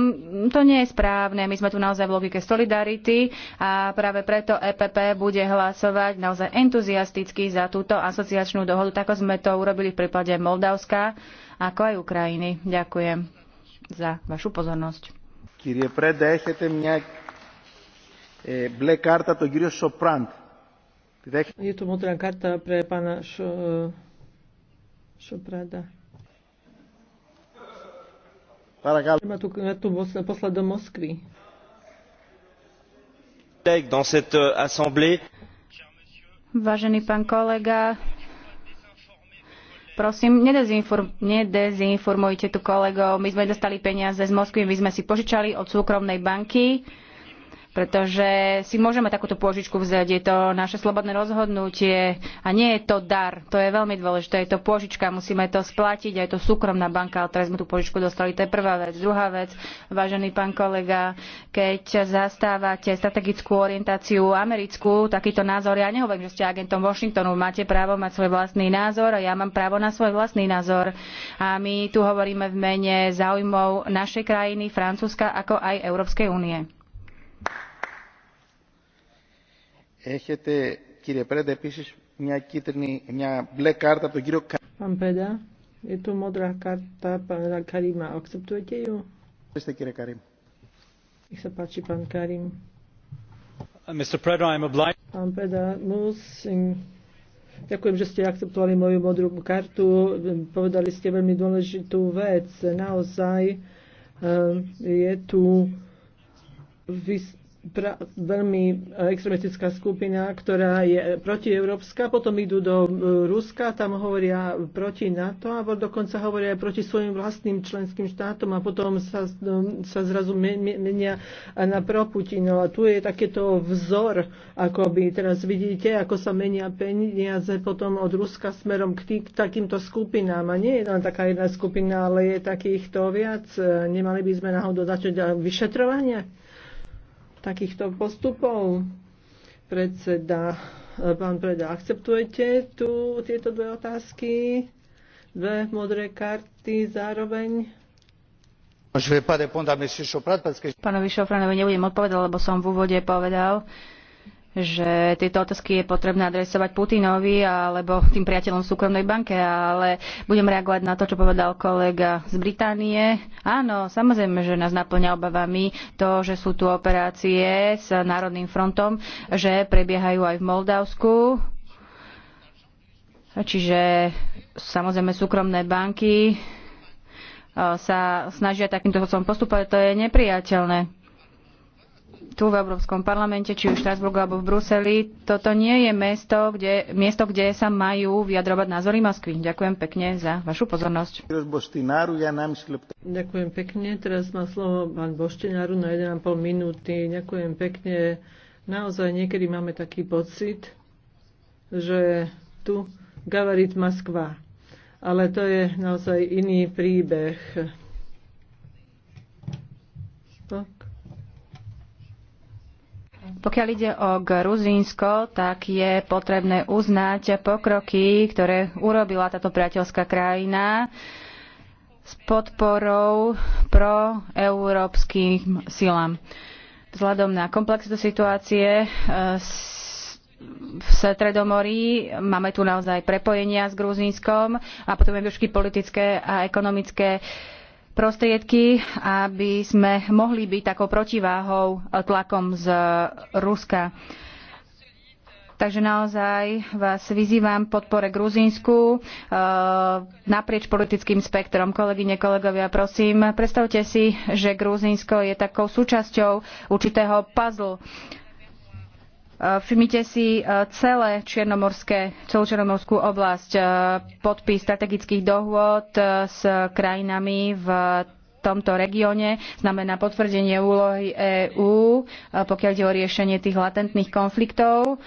To nie je správne. My sme tu naozaj v logike solidarity a práve preto EPP bude hlasovať naozaj entuziasticky za túto asociačnú dohodu, tak sme to urobili v prípade Moldavska, ako aj Ukrajiny. Ďakujem za vašu pozornosť. Kýrie Preda, έχετε μια ε, μπλε κάρτα τον κύριο Σοπράντ. Je tu modrá karta pre pána Šo... Šoprada. Ma tu, tu poslať do Moskvy. Dans cette euh, assemblée. Vážený pán kolega, prosím, nedezinform, nedezinformujte tu kolegov. My sme dostali peniaze z Moskvy, my sme si požičali od súkromnej banky pretože si môžeme takúto pôžičku vziať. Je to naše slobodné rozhodnutie a nie je to dar. To je veľmi dôležité. Je to pôžička, musíme to splatiť aj to súkromná banka, ale teraz sme tú pôžičku dostali. To je prvá vec. Druhá vec, vážený pán kolega, keď zastávate strategickú orientáciu americkú, takýto názor, ja nehovorím, že ste agentom Washingtonu, máte právo mať svoj vlastný názor a ja mám právo na svoj vlastný názor. A my tu hovoríme v mene záujmov našej krajiny, Francúzska, ako aj Európskej únie. Έχετε, κύριε Πρέντα, επίσης μια, κίτρινη, μια μπλε κάρτα από τον κύριο Κα... Πán Πρέντα, je tu modrá karta Καρίμα, Karima. Akceptujete ju? Είστε κύριε Καρίμ. Είστε πάτσι παν Καρίμ. Karim. Uh, Mr. Preda, I'm obliged. Pán Preda, musím Ďakujem, že ste akceptovali moju modrú kartu. Povedali ste veľmi dôležitú vec. Naozaj uh, je tu pra, veľmi e, extremistická skupina, ktorá je protieurópska, potom idú do e, Ruska, tam hovoria proti NATO a dokonca hovoria aj proti svojim vlastným členským štátom a potom sa, e, sa zrazu menia na proputino. A tu je takéto vzor, ako by teraz vidíte, ako sa menia peniaze potom od Ruska smerom k, tý, k takýmto skupinám. A nie je len taká jedna skupina, ale je takýchto viac. Nemali by sme náhodou začať vyšetrovanie? takýchto postupov? Predseda, e, pán Preda, akceptujete tu tieto dve otázky? Dve modré karty zároveň? Pánovi Šofranovi nebudem odpovedať, lebo som v úvode povedal, že tieto otázky je potrebné adresovať Putinovi alebo tým priateľom súkromnej banke, ale budem reagovať na to, čo povedal kolega z Británie. Áno, samozrejme, že nás naplňa obavami to, že sú tu operácie s Národným frontom, že prebiehajú aj v Moldavsku. Čiže samozrejme súkromné banky eh, sa snažia takýmto spôsobom postupovať, to je nepriateľné tu v Európskom parlamente, či už v Štrasburgu alebo v Bruseli. Toto nie je mesto, kde, miesto, kde sa majú vyjadrovať názory Moskvy. Ďakujem pekne za vašu pozornosť. Ďakujem pekne. Teraz má slovo pán Boštináru na 1,5 minúty. Ďakujem pekne. Naozaj niekedy máme taký pocit, že tu gavarit Moskva. Ale to je naozaj iný príbeh. To? No, pokiaľ ide o Gruzínsko, tak je potrebné uznať pokroky, ktoré urobila táto priateľská krajina s podporou pro európskym silám. Vzhľadom na komplexitu situácie eh, v Stredomorí máme tu naozaj prepojenia s Gruzínskom a potom aj všetky politické a ekonomické uh, prostriedky, aby sme mohli byť takou protiváhou tlakom z Ruska. Takže naozaj vás vyzývam podpore Gruzínsku e, naprieč politickým spektrom. Kolegyne, kolegovia, prosím, predstavte si, že Gruzínsko je takou súčasťou určitého puzzle Eh, všimnite si eh, celé čiernomorské, celú čiernomorskú oblasť, eh, podpis strategických dohôd s krajinami v tomto regióne znamená potvrdenie úlohy EÚ, pokiaľ ide o riešenie tých latentných konfliktov.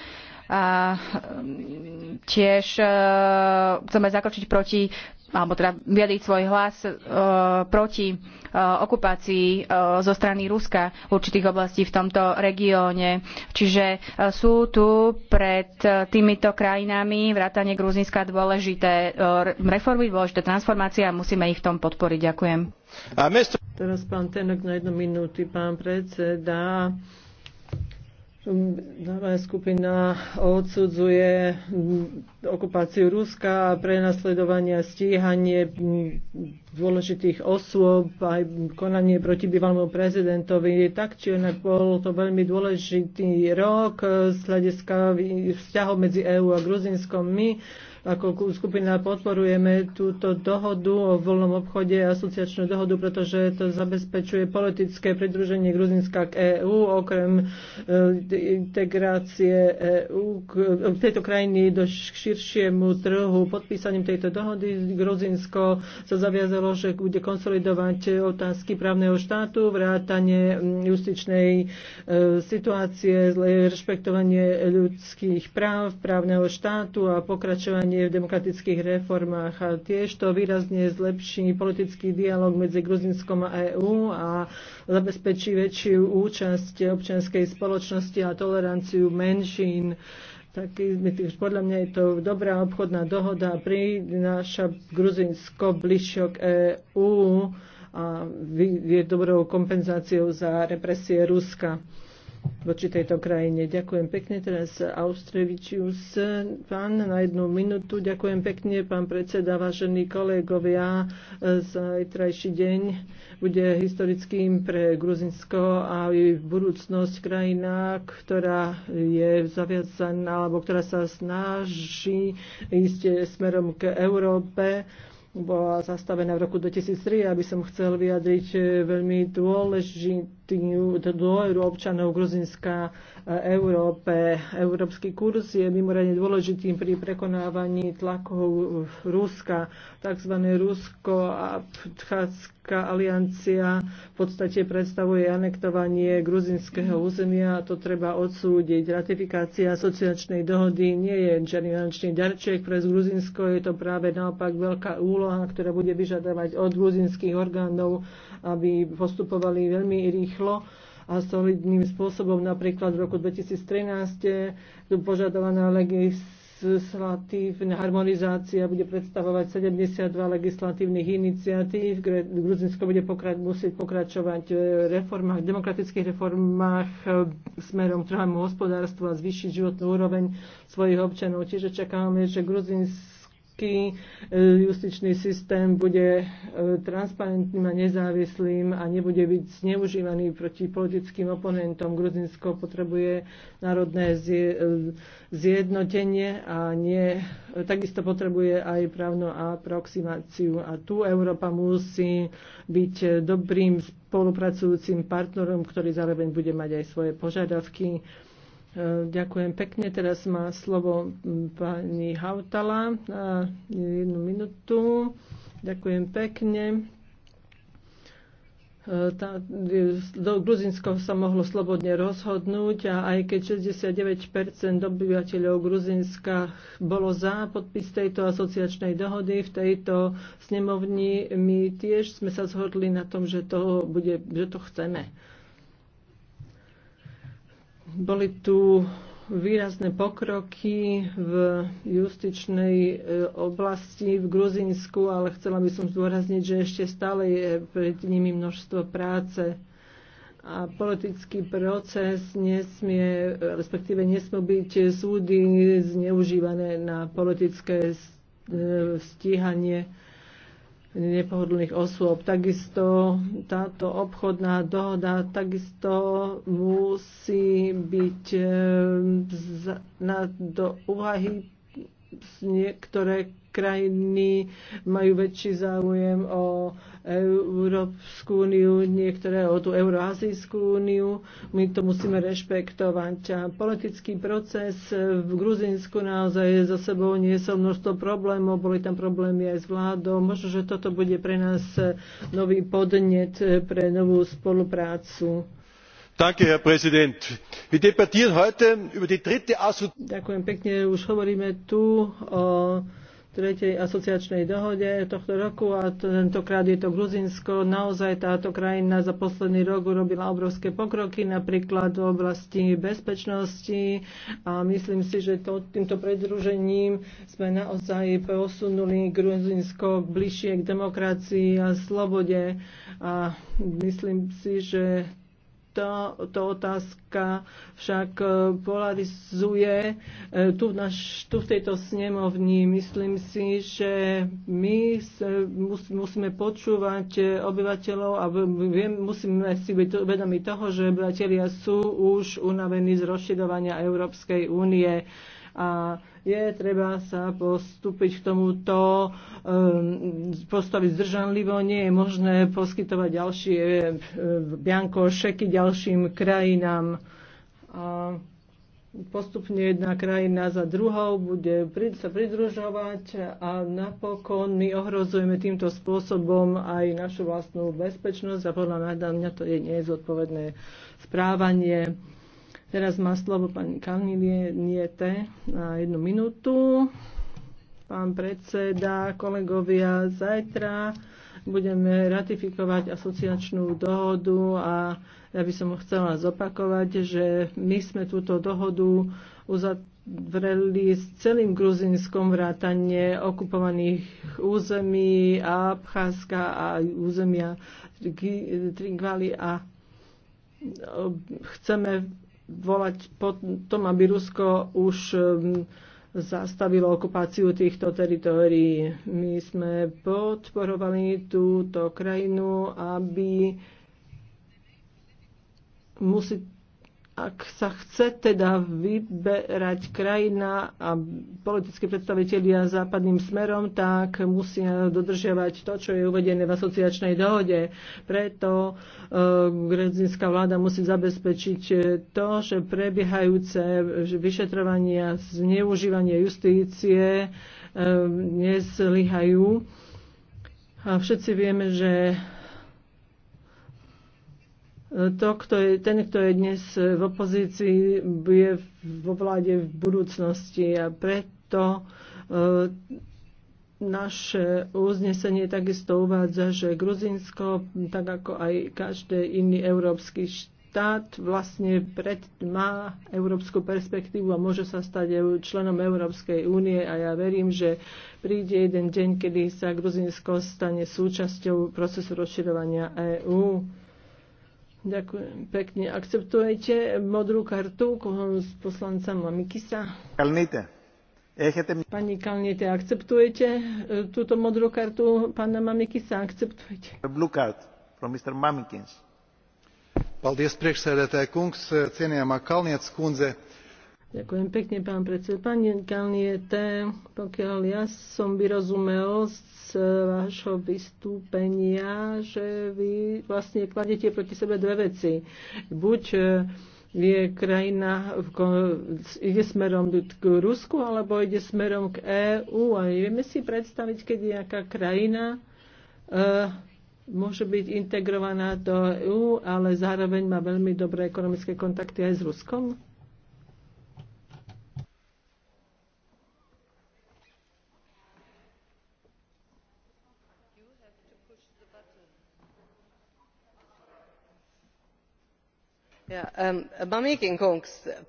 A mm, tiež chceme zakročiť proti alebo teda vyjadriť svoj hlas e, proti e, okupácii e, zo strany Ruska určitých oblastí v tomto regióne. Čiže e, sú tu pred e, týmito krajinami vrátane Gruzinska dôležité e, reformy, dôležité transformácie a musíme ich v tom podporiť. Ďakujem. Teraz pán Tenok na jednu minúty, pán predseda. Dáva skupina odsudzuje okupáciu Ruska, prenasledovanie, stíhanie dôležitých osôb, aj konanie proti bývalému prezidentovi. Tak či onak bol to veľmi dôležitý rok z hľadiska vzťahov medzi EÚ a Gruzinskom. My ako skupina podporujeme túto dohodu o voľnom obchode, asociačnú dohodu, pretože to zabezpečuje politické pridruženie Gruzinska k EÚ, okrem e, integrácie EÚ, e, tejto krajiny do širšiemu trhu. Podpísaním tejto dohody Gruzinsko sa zaviazalo, že bude konsolidovať otázky právneho štátu, vrátanie justičnej e, situácie, rešpektovanie ľudských práv, právneho štátu a pokračovanie pokračovanie v demokratických reformách. A tiež to výrazne zlepší politický dialog medzi Gruzinskom a EÚ a zabezpečí väčšiu účasť občianskej spoločnosti a toleranciu menšín tak podľa mňa je to dobrá obchodná dohoda a prináša Gruzinsko bližšie k EÚ a je dobrou kompenzáciou za represie Ruska voči tejto krajine. Ďakujem pekne teraz Austrevičius. Pán, na jednu minútu. Ďakujem pekne, pán predseda, vážení kolegovia. Zajtrajší deň bude historickým pre Gruzinsko a v budúcnosť krajina, ktorá je zaviazaná, alebo ktorá sa snaží ísť smerom k Európe bola zastavená v roku 2003, aby som chcel vyjadriť veľmi dôležitý dôveru občanov Gruzinska e, Európe. Európsky kurz je mimoriadne dôležitým pri prekonávaní tlakov Ruska. Tzv. Rusko-Abchádzka aliancia v podstate predstavuje anektovanie gruzinského územia a to treba odsúdiť. Ratifikácia asociačnej dohody nie je žiadny darček pre Gruzinsko, je to práve naopak veľká úloha, ktorá bude vyžadovať od gruzinských orgánov, aby postupovali veľmi rýchlo rýchlo a solidným spôsobom. Napríklad v roku 2013 požadovaná legislatívna harmonizácia bude predstavovať 72 legislatívnych iniciatív. Gruzinsko bude pokra- musieť pokračovať v reformách, demokratických reformách e, smerom k trhámu hospodárstva a zvýšiť životnú úroveň svojich občanov. Čiže čakáme, že Gruzinsko slovenský e, justičný systém bude e, transparentným a nezávislým a nebude byť zneužívaný proti politickým oponentom. Gruzinsko potrebuje národné e, zjednotenie a nie, takisto potrebuje aj právnu aproximáciu. A tu Európa musí byť dobrým spolupracujúcim partnerom, ktorý zároveň bude mať aj svoje požiadavky Ďakujem pekne. Teraz má slovo pani Hautala na jednu minútu. Ďakujem pekne. Tá, do Gruzinsko sa mohlo slobodne rozhodnúť a aj keď 69 obyvateľov Gruzinska bolo za podpis tejto asociačnej dohody v tejto snemovni, my tiež sme sa zhodli na tom, že, to bude, že to chceme. Boli tu výrazné pokroky v justičnej e, oblasti v Gruzínsku, ale chcela by som zdôrazniť, že ešte stále je pred nimi množstvo práce a politický proces nesmie, respektíve nesmú byť súdy zneužívané na politické e, stíhanie nepohodlných osôb. Takisto táto obchodná dohoda takisto musí byť eh, na, do úvahy niektoré krajiny majú väčší záujem o Európsku úniu, niektoré o tú Euroazijskú úniu. My to musíme rešpektovať. A politický proces v Gruzinsku naozaj za sebou nie som množstvo problémov, boli tam problémy aj s vládou. Možno, že toto bude pre nás nový podnet pre novú spoluprácu herr präsident! wir debattieren heute über die dritte už hovoríme tu o tretej asociačnej dohode tohto roku a tentokrát je to Gruzínsko. Naozaj táto krajina za posledný rok urobila obrovské pokroky, napríklad v oblasti bezpečnosti a myslím si, že to, týmto predružením sme naozaj posunuli Gruzínsko bližšie k demokracii a slobode a myslím si, že to otázka však e, polarizuje e, tu, naš, tu v tejto snemovni. Myslím si, že my musíme počúvať e, obyvateľov a musíme si byť vedomi toho, že obyvateľia sú už unavení z rozširovania Európskej únie a je treba sa postúpiť k tomuto, ehm, postaviť zdržanlivo, nie je možné poskytovať ďalšie ehm, bianko šeky ďalším krajinám. A postupne jedna krajina za druhou bude sa pridružovať a napokon my ohrozujeme týmto spôsobom aj našu vlastnú bezpečnosť a podľa mňa to je nezodpovedné správanie. Teraz má slovo pani Kalnilie Niete na jednu minútu. Pán predseda, kolegovia, zajtra budeme ratifikovať asociačnú dohodu a ja by som chcela zopakovať, že my sme túto dohodu uzavreli s celým Gruzinskom vrátanie okupovaných území Abcházska a územia trigvali a chceme volať po tom, aby Rusko už um, zastavilo okupáciu týchto teritórií. My sme podporovali túto krajinu, aby musí ak sa chce teda vyberať krajina a politické predstavitelia západným smerom, tak musia dodržiavať to, čo je uvedené v asociačnej dohode. Preto uh, eh, grezínska vláda musí zabezpečiť eh, to, že prebiehajúce vyšetrovania zneužívanie justície uh, nezlyhajú. A všetci vieme, že to, kto je, ten, kto je dnes v opozícii, bude vo vláde v budúcnosti a preto e, naše uznesenie takisto uvádza, že Gruzinsko, tak ako aj každý iný európsky štát, vlastne pred, má európsku perspektívu a môže sa stať e, členom Európskej únie a ja verím, že príde jeden deň, kedy sa Gruzinsko stane súčasťou procesu rozširovania EÚ Ďakujem pekne. Akceptujete modrú kartu z poslanca Mamikisa? Kalnite. Pani Kalnite, akceptujete e, túto modrú kartu pána Mamikisa? Akceptujete? Blue card from Mr. Mamikins. Paldies, priekšsēdētāja kungs, cienījamā Kalniec kundze Ďakujem pekne, pán predseda. Pán Kalniete, pokiaľ ja som vyrozumel z vášho vystúpenia, že vy vlastne kladete proti sebe dve veci. Buď e, je krajina v, ide smerom k Rusku, alebo ide smerom k EÚ. A vieme si predstaviť, keď nejaká krajina uh, môže byť integrovaná do EÚ, ale zároveň má veľmi dobré ekonomické kontakty aj s Ruskom?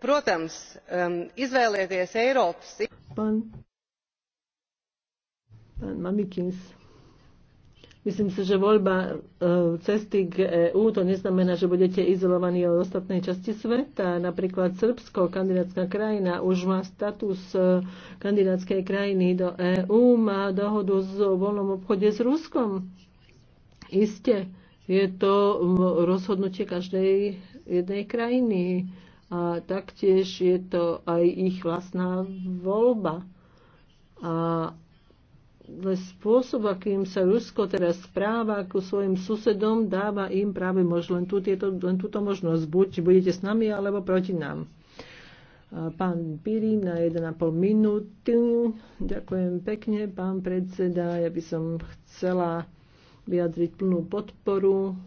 protams izvēlēties Eiropas. Pán, myslím si, že voľba e, cesty k EÚ to neznamená, že budete izolovaní od ostatnej časti sveta. Napríklad Srbsko, kandidátska krajina, už má status e, kandidátskej krajiny do EÚ, má dohodu o voľnom obchode s Ruskom. Isté je to rozhodnutie každej jednej krajiny. A taktiež je to aj ich vlastná voľba. A spôsob, akým sa Rusko teraz správa ku svojim susedom, dáva im práve možno len, tú, tieto, len túto možnosť. Buď budete s nami, alebo proti nám. Pán Pirín na 1,5 minúty. Ďakujem pekne, pán predseda. Ja by som chcela vyjadriť plnú podporu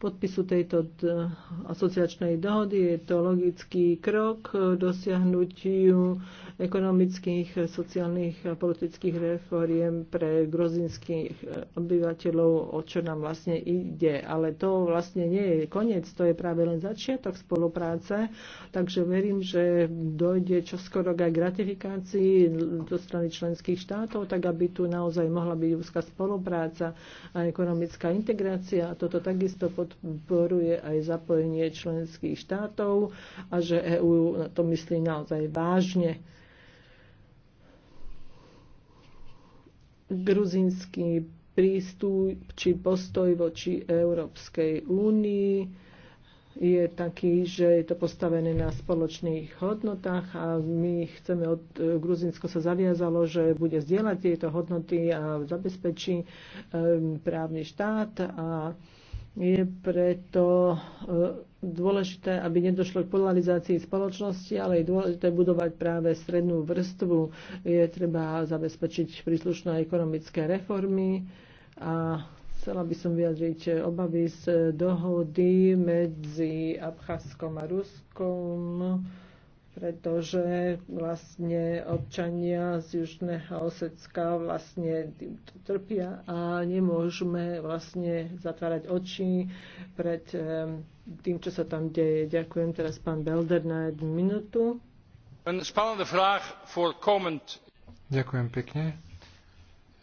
podpisu tejto eh, asociačnej dohody. Je to logický krok eh, dosiahnutiu ekonomických, sociálnych a politických reforiem pre grozinských eh, obyvateľov, o čo nám vlastne ide. Ale to vlastne nie je koniec, to je práve len začiatok spolupráce, takže verím, že dojde čoskoro aj k do zo strany členských štátov, tak aby tu naozaj mohla byť úzka spolupráca a ekonomická integrácia. A toto takisto pod podporuje aj zapojenie členských štátov a že EÚ na to myslí naozaj vážne. Gruzinský prístup či postoj voči Európskej únii je taký, že je to postavené na spoločných hodnotách a my chceme od Gruzinsko sa zaviazalo, že bude zdieľať tieto hodnoty a zabezpečí ehm, právny štát a je preto e, dôležité, aby nedošlo k polarizácii spoločnosti, ale je dôležité budovať práve strednú vrstvu. Je treba zabezpečiť príslušné ekonomické reformy a chcela by som vyjadriť obavy z dohody medzi Abcházskom a Ruskom pretože vlastne občania z Južného Osecka vlastne týmto trpia a nemôžeme vlastne zatvárať oči pred tým, čo sa tam deje. Ďakujem teraz pán Belder na jednu minútu. Ďakujem pekne.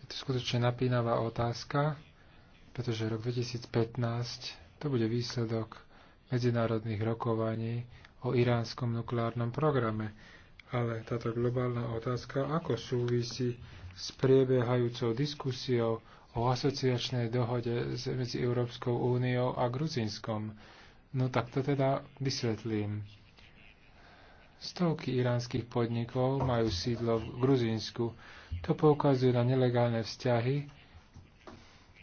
Je to skutočne napínavá otázka, pretože rok 2015 to bude výsledok medzinárodných rokovaní o iránskom nukleárnom programe. Ale táto globálna otázka, ako súvisí s priebehajúcou diskusiou o asociačnej dohode medzi Európskou úniou a Gruzínskom. No tak to teda vysvetlím. Stovky iránskych podnikov majú sídlo v Gruzínsku. To poukazuje na nelegálne vzťahy,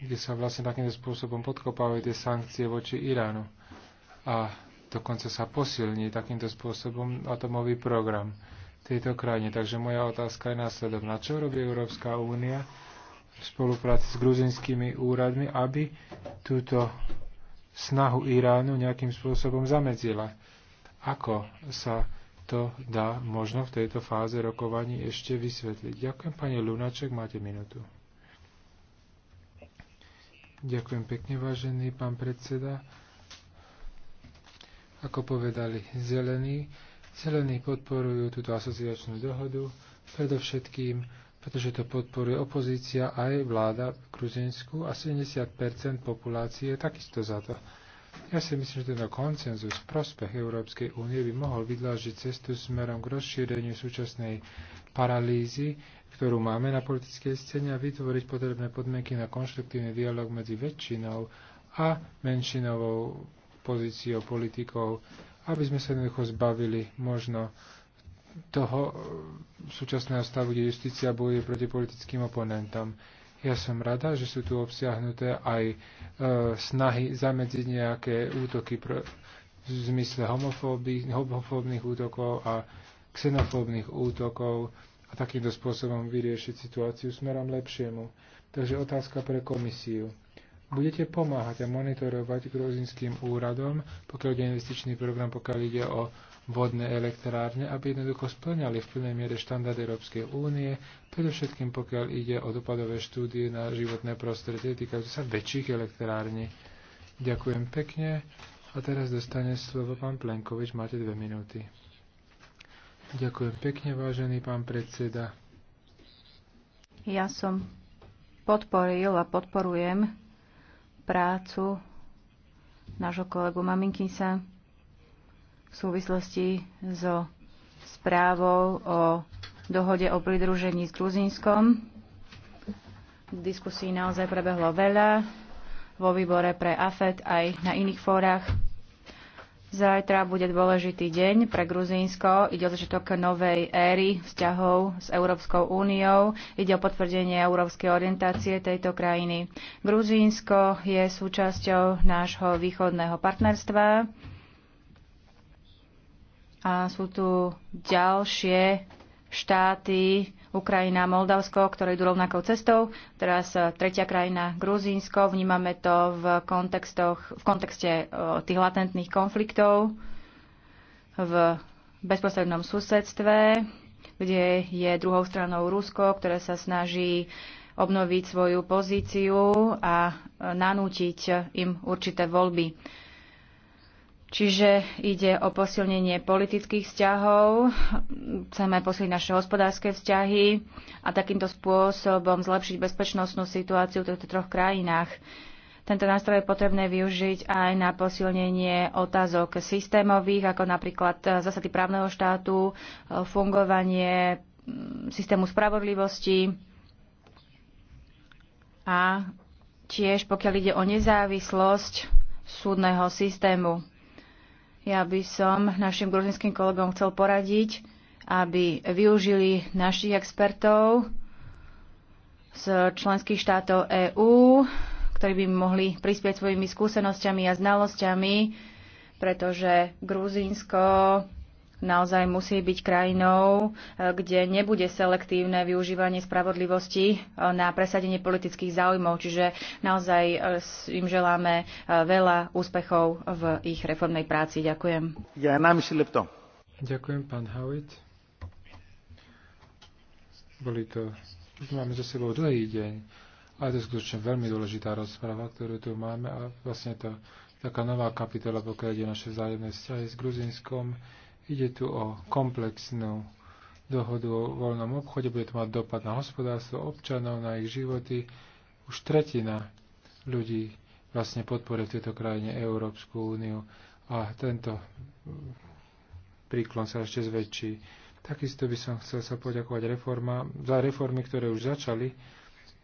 kde sa vlastne takýmto spôsobom podkopávajú tie sankcie voči Iránu. A dokonca sa posilní takýmto spôsobom atomový program v tejto krajine. Takže moja otázka je následovná. Čo robí Európska únia v spolupráci s gruzinskými úradmi, aby túto snahu Iránu nejakým spôsobom zamedzila? Ako sa to dá možno v tejto fáze rokovaní ešte vysvetliť? Ďakujem, pani Lunaček, máte minútu. Ďakujem pekne, vážený pán predseda. Ako povedali zelení, zelení podporujú túto asociačnú dohodu predovšetkým, pretože to podporuje opozícia aj vláda v Gruzinsku a 70 populácie takisto za to. Ja si myslím, že tento koncenzus v prospech Európskej únie by mohol vydlážiť cestu smerom k rozšíreniu súčasnej paralýzy, ktorú máme na politickej scéne a vytvoriť potrebné podmienky na konštruktívny dialog medzi väčšinou a menšinovou pozíciou politikov, aby sme sa jednoducho zbavili možno toho e, súčasného stavu, kde justícia bojuje proti politickým oponentom. Ja som rada, že sú tu obsiahnuté aj e, snahy zamedziť nejaké útoky pro, v zmysle homofóbnych útokov a xenofóbnych útokov a takýmto spôsobom vyriešiť situáciu smerom lepšiemu. Takže otázka pre komisiu budete pomáhať a monitorovať gruzinským úradom, pokiaľ ide investičný program, pokiaľ ide o vodné elektrárne, aby jednoducho splňali v plnej miere štandard Európskej únie, predovšetkým pokiaľ ide o dopadové štúdie na životné prostredie týkajúce sa väčších elektrární. Ďakujem pekne a teraz dostane slovo pán Plenkovič, máte dve minúty. Ďakujem pekne, vážený pán predseda. Ja som podporil a podporujem prácu nášho kolegu Maminkisa v súvislosti so správou o dohode o pridružení s Gruzínskom. Diskusí naozaj prebehlo veľa vo výbore pre AFET aj na iných fórach. Zajtra bude dôležitý deň pre Gruzínsko. Ide o začiatok novej éry vzťahov s Európskou úniou. Ide o potvrdenie európskej orientácie tejto krajiny. Gruzínsko je súčasťou nášho východného partnerstva. A sú tu ďalšie štáty, Ukrajina, Moldavsko, ktoré idú rovnakou cestou. Teraz e, tretia krajina, Gruzínsko. Vnímame to v, v kontexte e, tých latentných konfliktov v bezprostrednom susedstve, kde je druhou stranou Rusko, ktoré sa snaží obnoviť svoju pozíciu a e, nanútiť im určité voľby. Čiže ide o posilnenie politických vzťahov, chceme posilniť naše hospodárske vzťahy a takýmto spôsobom zlepšiť bezpečnostnú situáciu v týchto troch krajinách. Tento nástroj je potrebné využiť aj na posilnenie otázok systémových, ako napríklad zásady právneho štátu, fungovanie mm, systému spravodlivosti a tiež pokiaľ ide o nezávislosť súdneho systému. Ja by som našim gruzinským kolegom chcel poradiť, aby využili našich expertov z členských štátov EÚ, ktorí by mohli prispieť svojimi skúsenosťami a znalosťami, pretože Gruzínsko naozaj musí byť krajinou, e, kde nebude selektívne využívanie spravodlivosti e, na presadenie politických záujmov. Čiže naozaj e, im želáme veľa úspechov v ich reformnej práci. Ďakujem. Ja nám lepto. Ďakujem, pán Howitt. Boli to... Máme za sebou dlhý deň. to je to skutočne veľmi dôležitá rozprava, ktorú tu máme a vlastne to taká nová kapitola, pokiaľ ide naše vzájomné vzťahy s Gruzinskom Ide tu o komplexnú dohodu o voľnom obchode, bude to mať dopad na hospodárstvo občanov, na ich životy. Už tretina ľudí vlastne podporuje v tejto krajine Európsku úniu a tento príklon sa ešte zväčší. Takisto by som chcel sa poďakovať reforma, za reformy, ktoré už začali.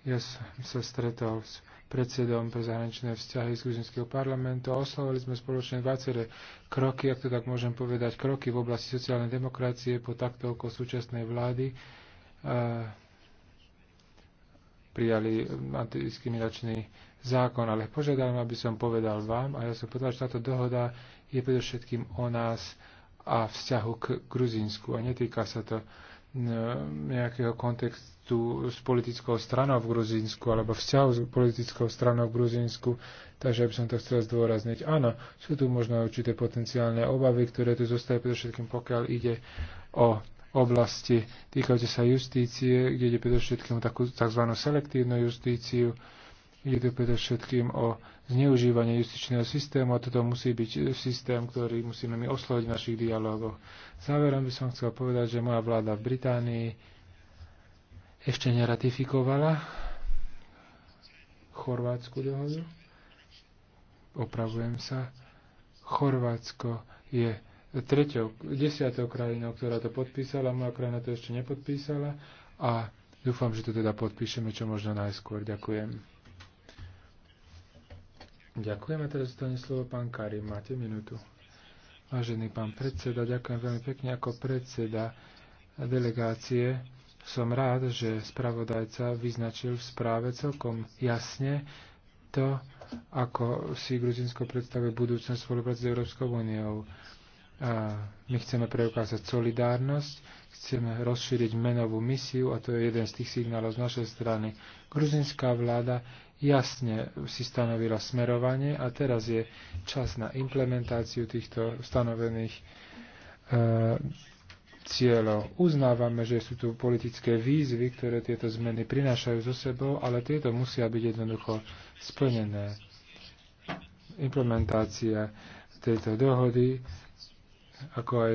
Ja som sa stretol s predsedom pre zahraničné vzťahy z Gruzinského parlamentu a oslovili sme spoločne 20 kroky, ak to tak môžem povedať, kroky v oblasti sociálnej demokracie po takto okolo súčasnej vlády. Eh, prijali antidiskriminačný zákon, ale požiadam, aby som povedal vám, a ja som povedal, že táto dohoda je predovšetkým o nás a vzťahu k Gruzínsku a netýka sa to E, nejakého kontextu s politickou stranou v Gruzínsku alebo vzťahu s politickou stranou v Gruzínsku, takže by som to chcel zdôrazniť. Áno, sú tu možno určité potenciálne obavy, ktoré tu zostajú, predovšetkým pokiaľ ide o oblasti týkajúce sa justície, kde ide predovšetkým takú tzv. selektívnu justíciu, Ide tu predovšetkým o zneužívanie justičného systému a toto musí byť systém, ktorý musíme my osloviť v našich dialogoch. Záverom by som chcel povedať, že moja vláda v Británii ešte neratifikovala chorvátsku dohodu. Opravujem sa. Chorvátsko je treťou, desiatou krajinou, ktorá to podpísala, moja krajina to ešte nepodpísala a dúfam, že to teda podpíšeme čo možno najskôr. Ďakujem. Ďakujem teraz teraz dostane slovo pán Karim. Máte minútu. Vážený pán predseda, ďakujem veľmi pekne ako predseda delegácie. Som rád, že spravodajca vyznačil v správe celkom jasne to, ako si Gruzinsko predstavuje budúcnosť spolupráce s Európskou úniou. My chceme preukázať solidárnosť, chceme rozšíriť menovú misiu a to je jeden z tých signálov z našej strany. Gruzinská vláda jasne si stanovila smerovanie a teraz je čas na implementáciu týchto stanovených e, cieľov. Uznávame, že sú tu politické výzvy, ktoré tieto zmeny prinášajú so sebou, ale tieto musia byť jednoducho splnené. Implementácia tejto dohody ako aj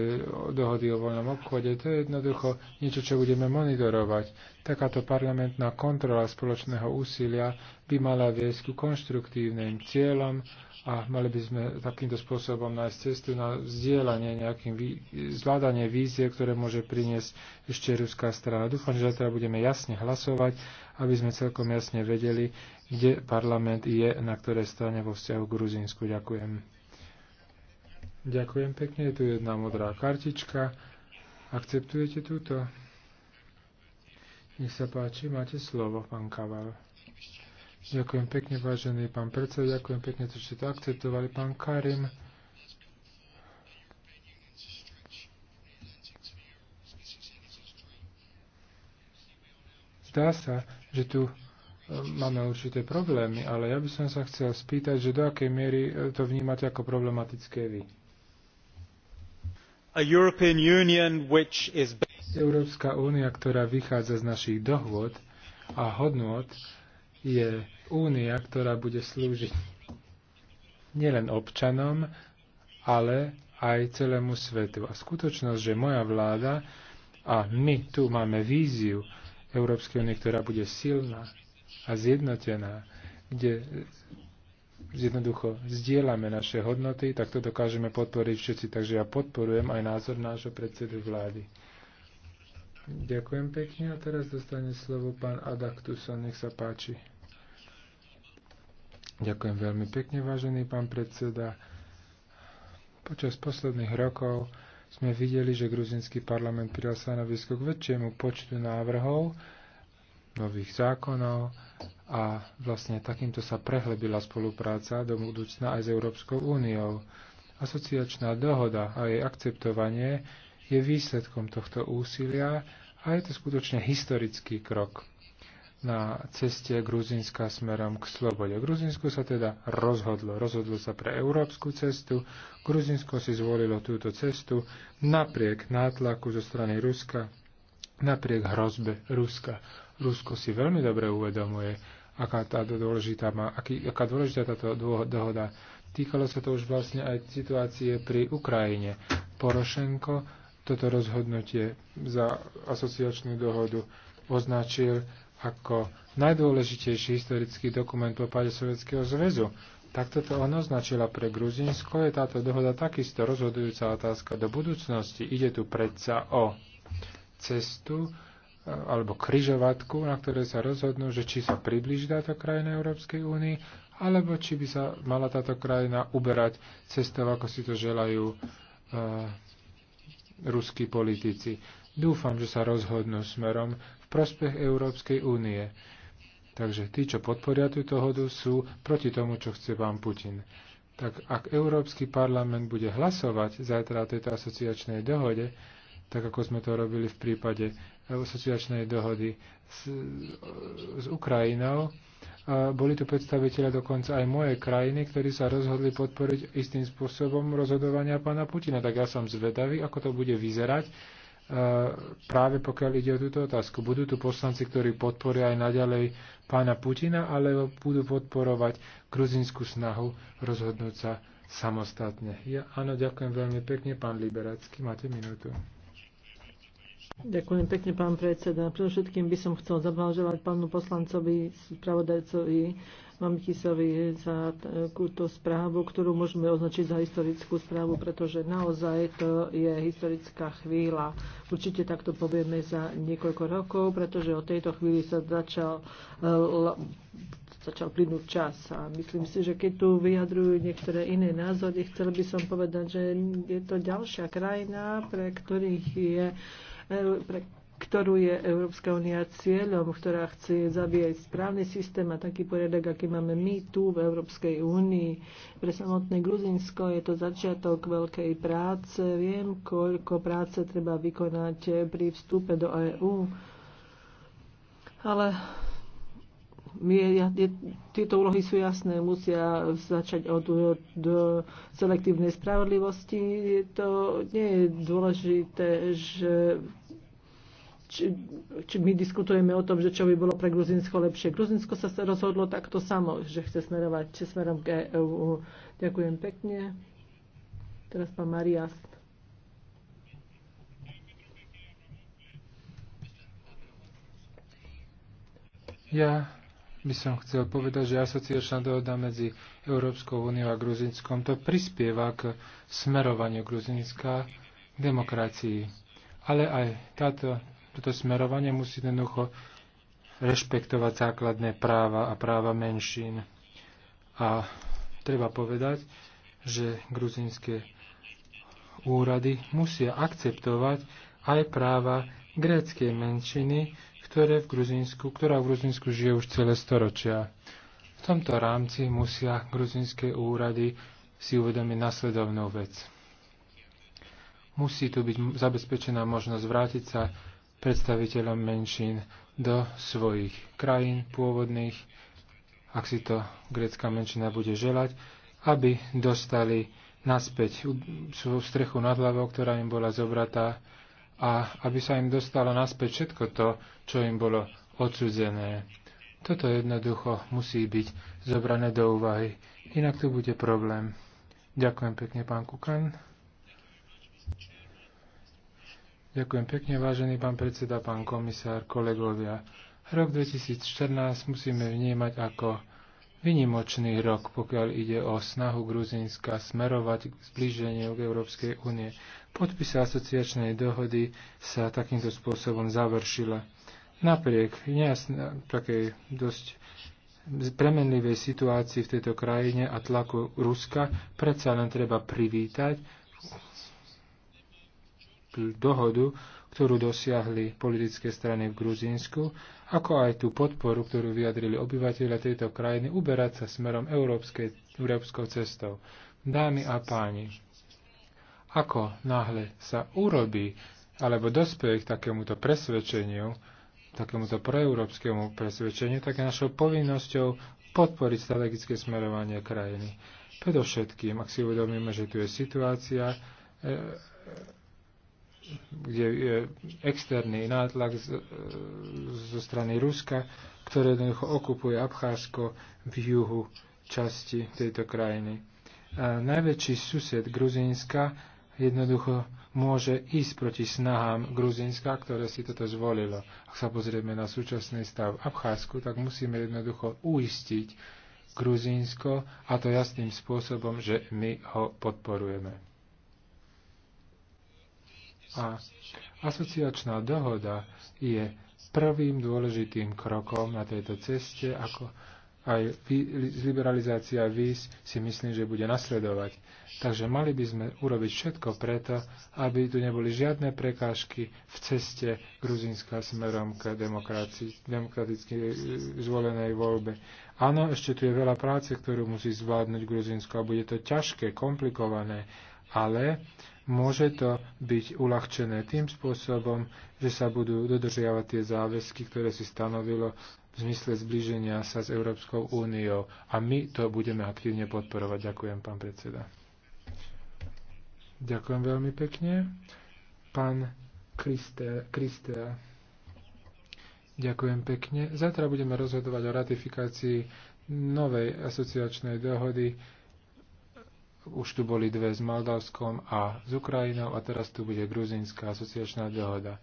dohody o voľnom obchode. To je jednoducho niečo, čo budeme monitorovať. Takáto parlamentná kontrola spoločného úsilia by mala viesť ku konštruktívnym cieľom a mali by sme takýmto spôsobom nájsť cestu na vzdielanie nejakým vý... zvládanie vízie, ktoré môže priniesť ešte ruská strana. Dúfam, že zatiaľ budeme jasne hlasovať, aby sme celkom jasne vedeli, kde parlament je, na ktorej strane vo vzťahu k Gruzínsku. Ďakujem. Ďakujem pekne, je tu jedna modrá kartička. Akceptujete túto? Nech sa páči, máte slovo, pán Kaval. Ďakujem pekne, vážený pán predseda, ďakujem pekne, že ste to akceptovali, pán Karim. Zdá sa, že tu e, máme určité problémy, ale ja by som sa chcel spýtať, že do akej miery e, to vnímate ako problematické vy. Európska únia, ktorá vychádza z našich dohôd a hodnot, je únia, ktorá bude slúžiť nielen občanom, ale aj celému svetu. A skutočnosť, že moja vláda a my tu máme víziu Európskej únie, ktorá bude silná a zjednotená, kde jednoducho zdieľame naše hodnoty, tak to dokážeme podporiť všetci. Takže ja podporujem aj názor nášho predsedu vlády. Ďakujem pekne a teraz dostane slovo pán Adaktuson, nech sa páči. Ďakujem veľmi pekne, vážený pán predseda. Počas posledných rokov sme videli, že gruzinský parlament prijal stanovisko k väčšiemu počtu návrhov, nových zákonov, a vlastne takýmto sa prehlebila spolupráca do budúcna aj s Európskou úniou. Asociačná dohoda a jej akceptovanie je výsledkom tohto úsilia a je to skutočne historický krok na ceste Gruzinska smerom k slobode. Gruzinsko sa teda rozhodlo. Rozhodlo sa pre európsku cestu. Gruzinsko si zvolilo túto cestu napriek nátlaku zo strany Ruska, napriek hrozbe Ruska. Rusko si veľmi dobre uvedomuje, aká, tá dôležitá má, aký, aká dôležitá táto dohoda. Týkalo sa to už vlastne aj situácie pri Ukrajine. Porošenko toto rozhodnutie za asociačnú dohodu označil ako najdôležitejší historický dokument po páde Sovjetského zväzu. Takto to on označila pre Gruzinsko, Je táto dohoda takisto rozhodujúca otázka do budúcnosti. Ide tu predsa o cestu, alebo kryžovatku, na ktorej sa rozhodnú, že či sa približí táto krajina Európskej únii, alebo či by sa mala táto krajina uberať cestou, ako si to želajú e, ruskí politici. Dúfam, že sa rozhodnú smerom v prospech Európskej únie. Takže tí, čo podporia túto hodu, sú proti tomu, čo chce vám Putin tak ak Európsky parlament bude hlasovať zajtra o tejto asociačnej dohode, tak ako sme to robili v prípade asociačnej dohody s, s Ukrajinou. A boli tu predstaviteľe dokonca aj mojej krajiny, ktorí sa rozhodli podporiť istým spôsobom rozhodovania pána Putina. Tak ja som zvedavý, ako to bude vyzerať e, práve pokiaľ ide o túto otázku. Budú tu poslanci, ktorí podporia aj naďalej pána Putina, alebo budú podporovať gruzinskú snahu rozhodnúť sa samostatne. Ja, áno, ďakujem veľmi pekne, pán Liberacký, máte minútu. Ďakujem pekne, pán predseda. Predovšetkým by som chcel zablážovať pánu poslancovi, spravodajcovi Mamikisovi za túto správu, ktorú môžeme označiť za historickú správu, pretože naozaj to je historická chvíľa. Určite takto povieme za niekoľko rokov, pretože od tejto chvíli sa začal e, začal plynúť čas. A myslím si, že keď tu vyjadrujú niektoré iné názory, chcel by som povedať, že je to ďalšia krajina, pre ktorých je pre ktorú je Európska únia cieľom, ktorá chce zabíjať správny systém a taký poriadok, aký máme my tu v Európskej únii. Pre samotné Gruzinsko je to začiatok veľkej práce. Viem, koľko práce treba vykonať pri vstupe do EÚ, ale je, tieto úlohy sú jasné, musia začať od, od, od selektívnej spravodlivosti. Je To nie je dôležité, že či, či my diskutujeme o tom, že čo by bolo pre Gruzinsko lepšie. Gruzinsko sa rozhodlo takto samo, že chce smerovať či smerom k EU. Ďakujem pekne. Teraz pán Marias. Ja by som chcel povedať, že asociačná dohoda medzi Európskou úniou a Gruzinskom to prispieva k smerovaniu Gruzinska demokracii. Ale aj táto, toto smerovanie musí jednoducho rešpektovať základné práva a práva menšín. A treba povedať, že gruzinské úrady musia akceptovať aj práva gréckej menšiny, ktoré v Gruzínsku, ktorá v Gruzínsku žije už celé storočia. V tomto rámci musia gruzínske úrady si uvedomiť nasledovnú vec. Musí tu byť zabezpečená možnosť vrátiť sa predstaviteľom menšín do svojich krajín pôvodných, ak si to grécka menšina bude želať, aby dostali naspäť svoju strechu nad hlavou, ktorá im bola zobratá a aby sa im dostalo naspäť všetko to, čo im bolo odsudzené. Toto jednoducho musí byť zobrané do úvahy, inak tu bude problém. Ďakujem pekne, pán Kukan. Ďakujem pekne, vážený pán predseda, pán komisár, kolegovia. Rok 2014 musíme vnímať ako vynimočný rok, pokiaľ ide o snahu Gruzínska smerovať k zblíženiu k Európskej únie. Podpis asociačnej dohody sa takýmto spôsobom završila. Napriek nejasné, takej dosť premenlivej situácii v tejto krajine a tlaku Ruska, predsa len treba privítať dohodu, ktorú dosiahli politické strany v Gruzínsku, ako aj tú podporu, ktorú vyjadrili obyvateľia tejto krajiny, uberať sa smerom európskej, európskou cestou. Dámy a páni, ako náhle sa urobí alebo dospeje k takémuto presvedčeniu, takémuto proeurópskemu presvedčeniu, tak je našou povinnosťou podporiť strategické smerovanie krajiny. Predovšetkým, ak si uvedomíme, že tu je situácia, e, kde je externý nátlak e, zo strany Ruska, ktoré jednoducho okupuje Abcházsko v juhu časti tejto krajiny. Najväčší sused Gruzínska jednoducho môže ísť proti snahám Gruzinska, ktoré si toto zvolilo. Ak sa pozrieme na súčasný stav Abcházku, tak musíme jednoducho uistiť Gruzínsko a to jasným spôsobom, že my ho podporujeme. A asociačná dohoda je prvým dôležitým krokom na tejto ceste, ako aj liberalizácia víz si myslím, že bude nasledovať. Takže mali by sme urobiť všetko preto, aby tu neboli žiadne prekážky v ceste Gruzínska smerom k demokraticky e, zvolenej voľbe. Áno, ešte tu je veľa práce, ktorú musí zvládnuť Gruzínsko a bude to ťažké, komplikované, ale môže to byť uľahčené tým spôsobom, že sa budú dodržiavať tie záväzky, ktoré si stanovilo v zmysle zbliženia sa s Európskou úniou. A my to budeme aktívne podporovať. Ďakujem, pán predseda. Ďakujem veľmi pekne. Pán Kristea. Ďakujem pekne. Zatra budeme rozhodovať o ratifikácii novej asociačnej dohody. Už tu boli dve s Moldavskom a s Ukrajinou a teraz tu bude gruzinská asociačná dohoda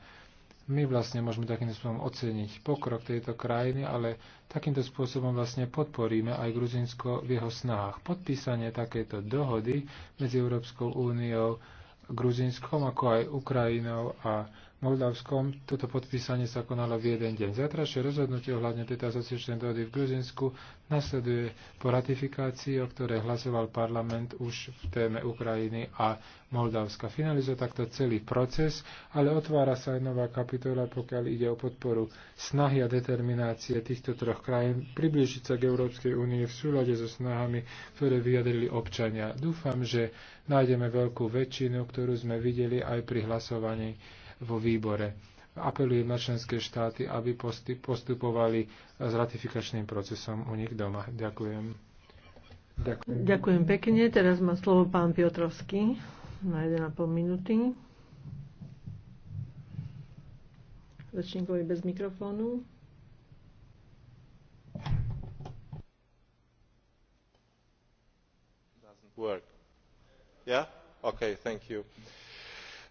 my vlastne môžeme takýmto spôsobom oceniť pokrok tejto krajiny, ale takýmto spôsobom vlastne podporíme aj Gruzinsko v jeho snahách. Podpísanie takéto dohody medzi Európskou úniou, Gruzinskom, ako aj Ukrajinou a Moldavskom. Toto podpísanie sa konalo v jeden deň. Zatrašie rozhodnutie ohľadne tejto asociačnej dohody v Gruzinsku nasleduje po ratifikácii, o ktorej hlasoval parlament už v téme Ukrajiny a Moldavska. Finalizuje takto celý proces, ale otvára sa aj nová kapitola, pokiaľ ide o podporu snahy a determinácie týchto troch krajín priblížiť sa k Európskej únie v súlade so snahami, ktoré vyjadrili občania. Dúfam, že nájdeme veľkú väčšinu, ktorú sme videli aj pri hlasovaní vo výbore. Apelujem na členské štáty, aby postupovali s ratifikačným procesom u nich doma. Ďakujem. Ďakujem, Ďakujem pekne. Teraz má slovo pán Piotrovský na 1,5 minúty. Začníkovi bez mikrofónu. Work. Yeah? Okay, thank you. Uh,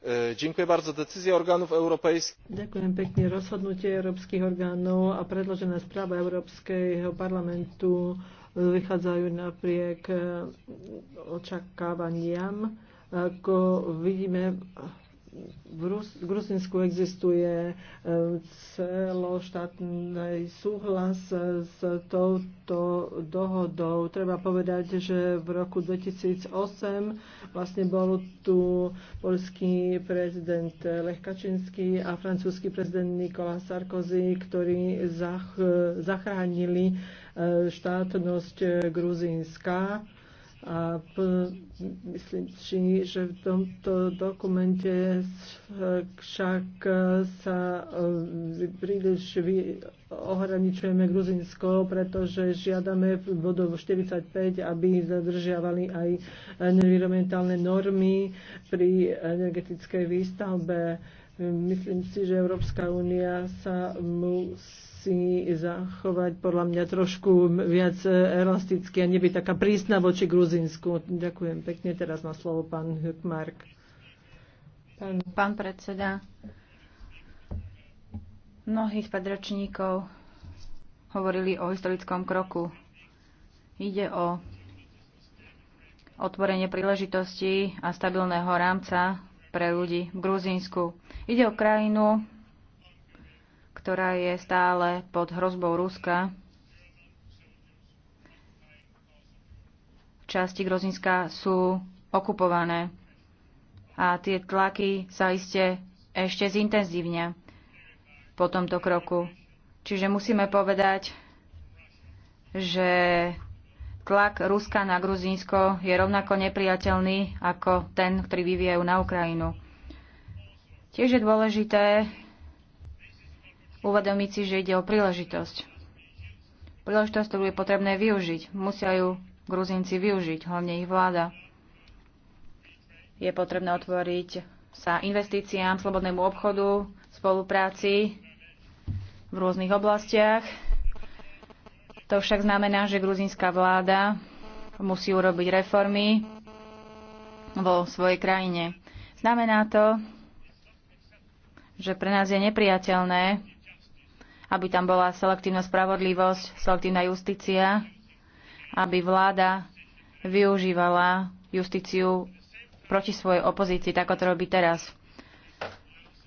Ďakujem e, bardzo. Decyzja orgánov europejských. Ďakujem pekne. Rozhodnutie európskych orgánov a predložená správa Európskeho parlamentu vychádzajú napriek e, očakávaniam. Ako vidíme, v Gruzinsku existuje eh, celoštátny súhlas eh, s touto dohodou. Treba povedať, že v roku 2008 vlastne bol tu polský prezident Lech Kačinský a francúzsky prezident Nicolas Sarkozy, ktorí zachránili eh, štátnosť Gruzínska a myslím si, že v tomto dokumente však sa e, príliš ohraničujeme Gruzinsko, pretože žiadame v bodu 45, aby zadržiavali aj environmentálne normy pri energetickej výstavbe. Myslím si, že Európska únia sa musí si zachovať podľa mňa trošku viac elasticky a nebyť taká prísna voči Gruzinsku. Ďakujem pekne. Teraz má slovo pán Hökmark. Pán, pán predseda, mnohí z hovorili o historickom kroku. Ide o otvorenie príležitostí a stabilného rámca pre ľudí v Gruzínsku. Ide o krajinu, ktorá je stále pod hrozbou Ruska. Časti Grozinska sú okupované a tie tlaky sa iste ešte zintenzívne po tomto kroku. Čiže musíme povedať, že tlak Ruska na Gruzínsko je rovnako nepriateľný ako ten, ktorý vyvíjajú na Ukrajinu. Tiež je dôležité, uvedomiť si, že ide o príležitosť. Príležitosť, ktorú je potrebné využiť. Musia ju Gruzinci využiť, hlavne ich vláda. Je potrebné otvoriť sa investíciám, slobodnému obchodu, spolupráci v rôznych oblastiach. To však znamená, že gruzinská vláda musí urobiť reformy vo svojej krajine. Znamená to, že pre nás je nepriateľné, aby tam bola selektívna spravodlivosť, selektívna justícia, aby vláda využívala justíciu proti svojej opozícii, tak to robí teraz.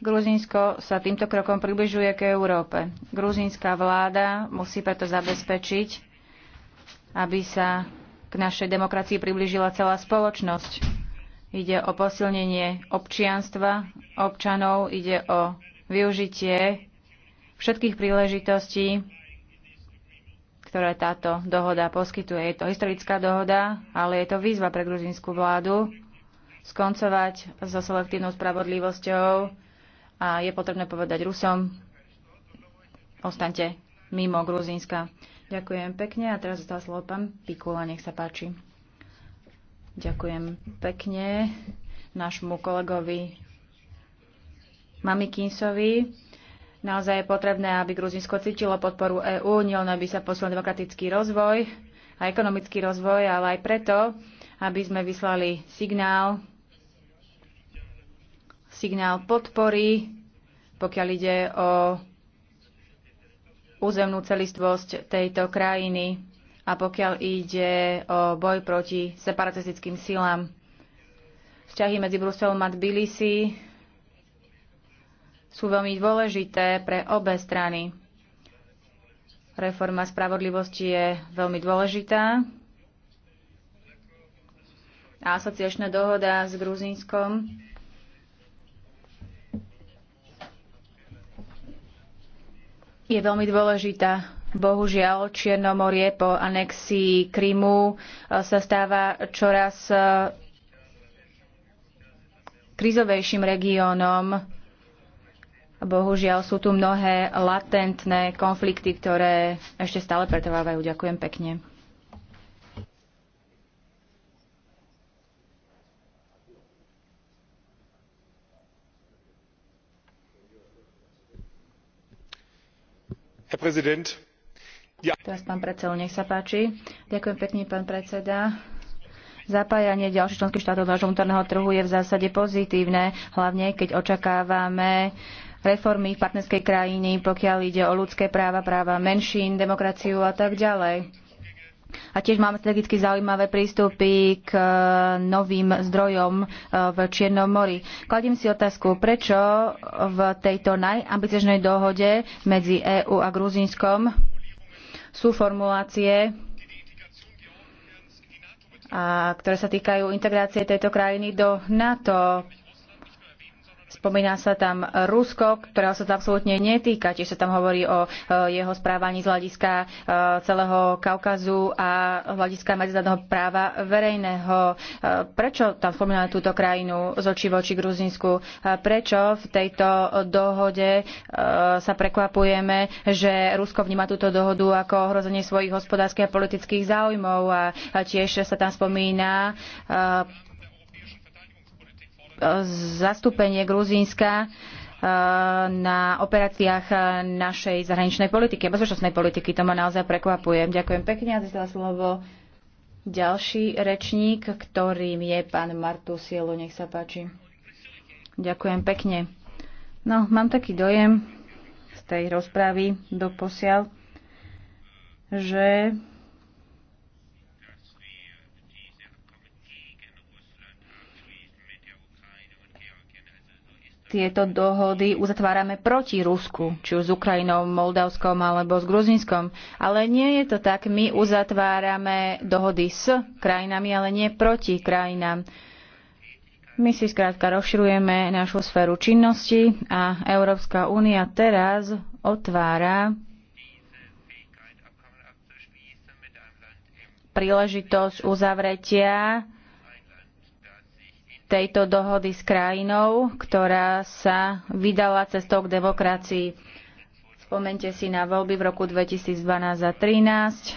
Gruzínsko sa týmto krokom približuje k Európe. Gruzínska vláda musí preto zabezpečiť, aby sa k našej demokracii približila celá spoločnosť. Ide o posilnenie občianstva občanov, ide o využitie všetkých príležitostí, ktoré táto dohoda poskytuje. Je to historická dohoda, ale je to výzva pre gruzínsku vládu skoncovať so selektívnou spravodlivosťou a je potrebné povedať Rusom, ostaňte mimo Gruzínska. Ďakujem pekne a teraz zostal slovo pán Pikula, nech sa páči. Ďakujem pekne nášmu kolegovi Mamikinsovi Naozaj je potrebné, aby Gruzinsko cítilo podporu EÚ, nielen aby sa posilnil demokratický rozvoj a ekonomický rozvoj, ale aj preto, aby sme vyslali signál, signál podpory, pokiaľ ide o územnú celistvosť tejto krajiny a pokiaľ ide o boj proti separatistickým silám. Vzťahy medzi Bruselom a Tbilisi sú veľmi dôležité pre obe strany. Reforma spravodlivosti je veľmi dôležitá a asociačná dohoda s Gruzínskom je veľmi dôležitá. Bohužiaľ, Čiernomorie po anexii Krymu e, sa stáva čoraz e, krizovejším regiónom Bohužiaľ sú tu mnohé latentné konflikty, ktoré ešte stále pretrvávajú. Ďakujem pekne. Teraz pán predseda, nech sa páči. Ďakujem pekne, pán predseda. Zapájanie ďalších členských štátov do nášho vnútorného trhu je v zásade pozitívne, hlavne keď očakávame reformy v partnerskej krajine, pokiaľ ide o ľudské práva, práva menšín, demokraciu a tak ďalej. A tiež máme strategicky zaujímavé prístupy k e, novým zdrojom e, v Čiernom mori. Kladím si otázku, prečo v tejto najambiciežnej dohode medzi EÚ a Gruzínskom sú formulácie, ktoré sa týkajú integrácie tejto krajiny do NATO. Spomína sa tam Rusko, ktorého sa to absolútne netýka. Tiež sa tam hovorí o e, jeho správaní z hľadiska e, celého Kaukazu a z hľadiska medzinárodného práva verejného. E, prečo tam spomíname túto krajinu z očí voči Gruzinsku? Prečo v tejto dohode sa prekvapujeme, že Rusko vníma túto dohodu ako ohrozenie svojich hospodárskych a politických záujmov a tiež sa tam spomína zastúpenie Gruzínska e, na operáciách našej zahraničnej politiky a bezpečnostnej politiky. To ma naozaj prekvapuje. Ďakujem pekne a zistila slovo ďalší rečník, ktorým je pán Martu Sielo. Nech sa páči. Ďakujem pekne. No, mám taký dojem z tej rozprávy do posiaľ, že tieto dohody uzatvárame proti Rusku, či už s Ukrajinou, Moldavskom alebo s Gruzinskom. Ale nie je to tak. My uzatvárame dohody s krajinami, ale nie proti krajinám. My si skrátka rozširujeme našu sféru činnosti a Európska únia teraz otvára príležitosť uzavretia tejto dohody s krajinou, ktorá sa vydala cestou k demokracii. Spomente si na voľby v roku 2012 a 2013.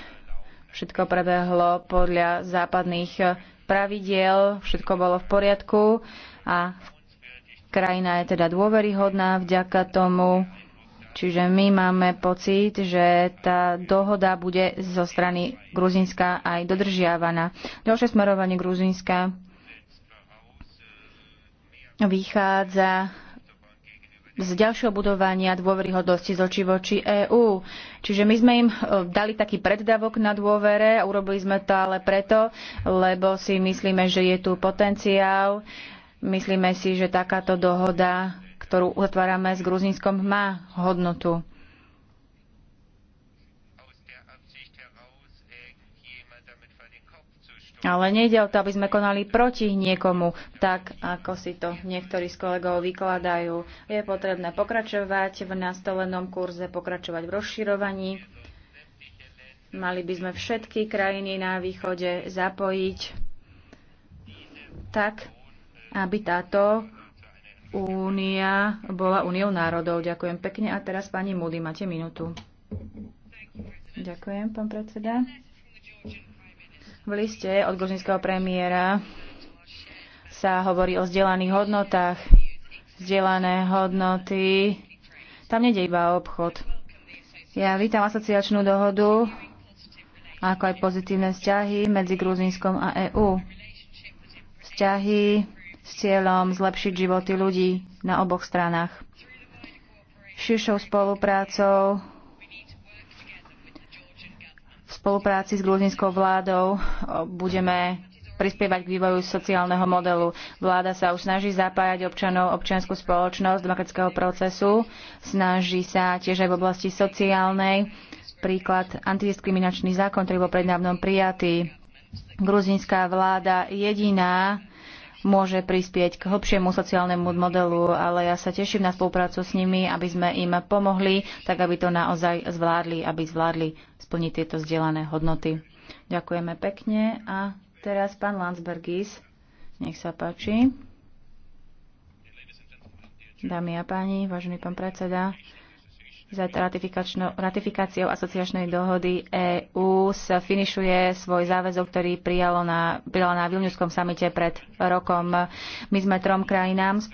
Všetko prebehlo podľa západných pravidiel, všetko bolo v poriadku a krajina je teda dôveryhodná vďaka tomu. Čiže my máme pocit, že tá dohoda bude zo strany Gruzinska aj dodržiavaná. Ďalšie smerovanie Gruzinska vychádza z ďalšieho budovania dôveryhodnosti z očí voči EÚ. Čiže my sme im e, dali taký preddavok na dôvere a urobili sme to ale preto, lebo si myslíme, že je tu potenciál. Myslíme si, že takáto dohoda, ktorú utvárame s Gruzinskom, má hodnotu. Ale nejde o to, aby sme konali proti niekomu, tak ako si to niektorí z kolegov vykladajú. Je potrebné pokračovať v nastolenom kurze, pokračovať v rozširovaní. Mali by sme všetky krajiny na východe zapojiť tak, aby táto únia bola úniou národov. Ďakujem pekne. A teraz pani Moody, máte minútu. Ďakujem, pán predseda. V liste od gruzinského premiéra sa hovorí o vzdelaných hodnotách. Vzdelané hodnoty. Tam nede iba obchod. Ja vítam asociačnú dohodu, ako aj pozitívne vzťahy medzi Gruzínskom a EÚ. Vzťahy s cieľom zlepšiť životy ľudí na oboch stranách. Širšou spoluprácou v spolupráci s gruzinskou vládou budeme prispievať k vývoju sociálneho modelu. Vláda sa už snaží zapájať občanov, občianskú spoločnosť, demokratického procesu. Snaží sa tiež aj v oblasti sociálnej. Príklad antidiskriminačný zákon, ktorý bol prednávnom prijatý. Gruzinská vláda jediná môže prispieť k hlbšiemu sociálnemu modelu, ale ja sa teším na spoluprácu s nimi, aby sme im pomohli, tak aby to naozaj zvládli, aby zvládli splniť tieto vzdelané hodnoty. Ďakujeme pekne a teraz pán Landsbergis, nech sa páči. Dámy a páni, vážený pán predseda, za ratifikáciou asociačnej dohody EÚ sa finišuje svoj záväzok, ktorý prijalo na, prijalo na Vilniuskom samite pred rokom. My sme trom krajinám e,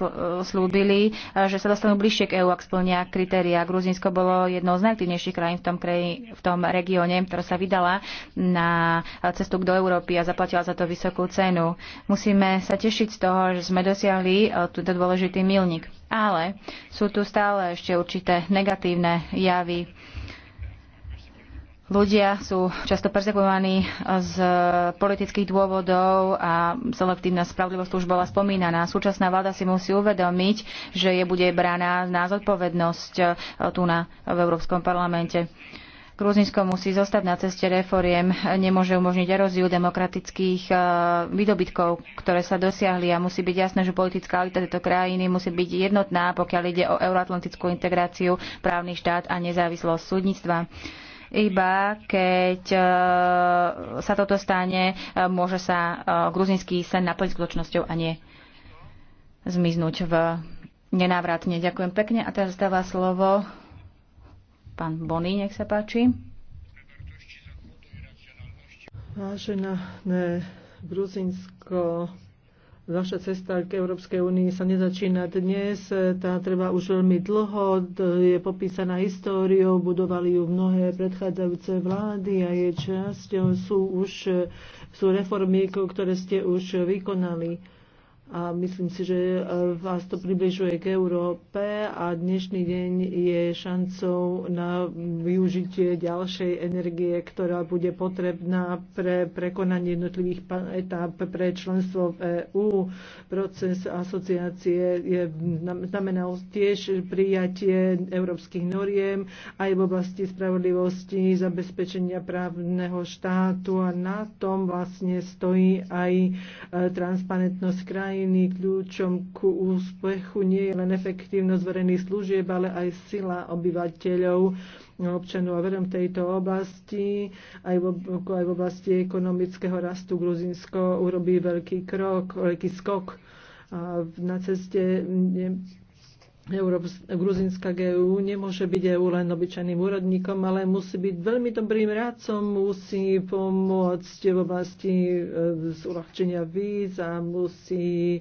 slúbili, e, že sa dostanú bližšie k EÚ, ak splnia kritéria. Gruzinsko bolo jednou z najaktívnejších krajín v tom, kraji, v tom regióne, ktorá sa vydala na cestu do Európy a zaplatila za to vysokú cenu. Musíme sa tešiť z toho, že sme dosiahli e, túto dôležitý milník. Ale sú tu stále ešte určité negatívne javy. Ľudia sú často persekovaní z politických dôvodov a selektívna spravodlivosť už bola spomínaná. Súčasná vláda si musí uvedomiť, že je bude braná na zodpovednosť e, tu na, v Európskom parlamente. Gruzinsko musí zostať na ceste reforiem, nemôže umožniť eróziu demokratických eh, výdobytkov, ktoré sa dosiahli a musí byť jasné, že politická elita tejto krajiny musí byť jednotná, pokiaľ ide o euroatlantickú integráciu, právny štát a nezávislosť súdnictva iba keď eh, sa toto stane, eh, môže sa gruzinský sen naplniť skutočnosťou a nie zmiznúť v nenávratne. Ďakujem pekne a teraz dáva slovo Pán Bony, nech sa páči. Vážená ne, Gruzinsko, Vaša cesta k Európskej únii sa nezačína dnes, tá trvá už veľmi dlho, je popísaná históriou, budovali ju mnohé predchádzajúce vlády a je časťou sú už sú reformy, ktoré ste už vykonali a myslím si, že e, vás to približuje k Európe a dnešný deň je šancou na využitie ďalšej energie, ktorá bude potrebná pre prekonanie jednotlivých etáp pre členstvo v EÚ. Proces asociácie je, znamenal tiež prijatie európskych noriem aj v oblasti spravodlivosti, zabezpečenia právneho štátu a na tom vlastne stojí aj e, transparentnosť krajín jediný kľúčom ku úspechu nie je len efektívnosť verejných služieb, ale aj sila obyvateľov, občanov. A verom tejto oblasti, aj v, aj v oblasti ekonomického rastu Gruzinsko urobí veľký krok, veľký skok na ceste Európs- gruzinská GU nemôže byť EU len obyčajným úradníkom, ale musí byť veľmi dobrým rádcom, musí pomôcť v oblasti e, z uľahčenia víz a musí e,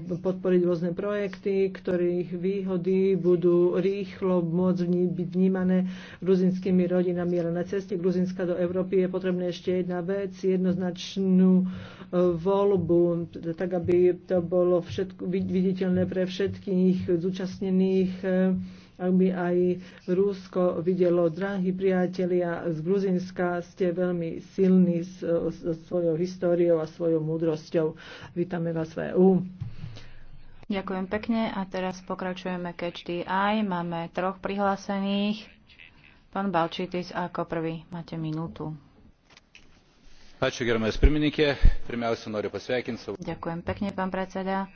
podporiť rôzne projekty, ktorých výhody budú rýchlo môcť byť vnímané gruzinskými rodinami. Ale na ceste Gruzinska do Európy je potrebné ešte jedna vec, jednoznačnú e, voľbu, teda tak aby to bolo všetko viditeľné pre všetkých zúčastných zúčastnených, eh, aby aj Rúsko videlo, drahí priatelia z Gruzinska, ste veľmi silní s, svojou históriou a svojou múdrosťou. Vítame vás v EU. Ďakujem pekne a teraz pokračujeme catch the Máme troch prihlásených. Pán Balčitis ako prvý. Máte minútu. Ďakujem pekne, pán predseda.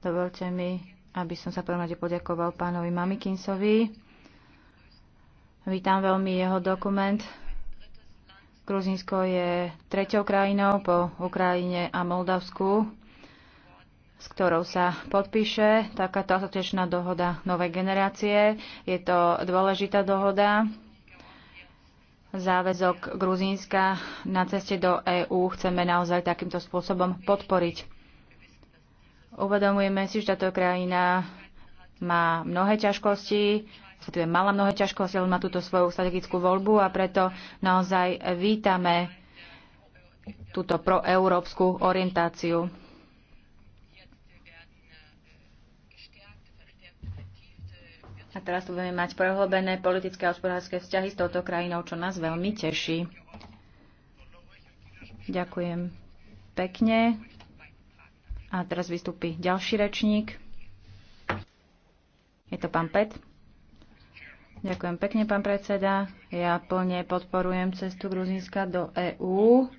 Dovolte mi aby som sa prvom poďakoval pánovi Mamikinsovi. Vítam veľmi jeho dokument. Gruzinsko je treťou krajinou po Ukrajine a Moldavsku, s ktorou sa podpíše takáto asociačná dohoda novej generácie. Je to dôležitá dohoda, záväzok Gruzínska na ceste do EÚ chceme naozaj takýmto spôsobom podporiť. Uvedomujeme si, že táto krajina má mnohé ťažkosti, respektíve mala mnohé ťažkosti, ale má túto svoju strategickú voľbu a preto naozaj vítame túto proeurópsku orientáciu. A teraz tu budeme mať prehlbené politické a hospodárske vzťahy s touto krajinou, čo nás veľmi teší. Ďakujem pekne. A teraz vystúpi ďalší rečník. Je to pán Pet. Ďakujem pekne, pán predseda. Ja plne podporujem cestu Gruzínska do EÚ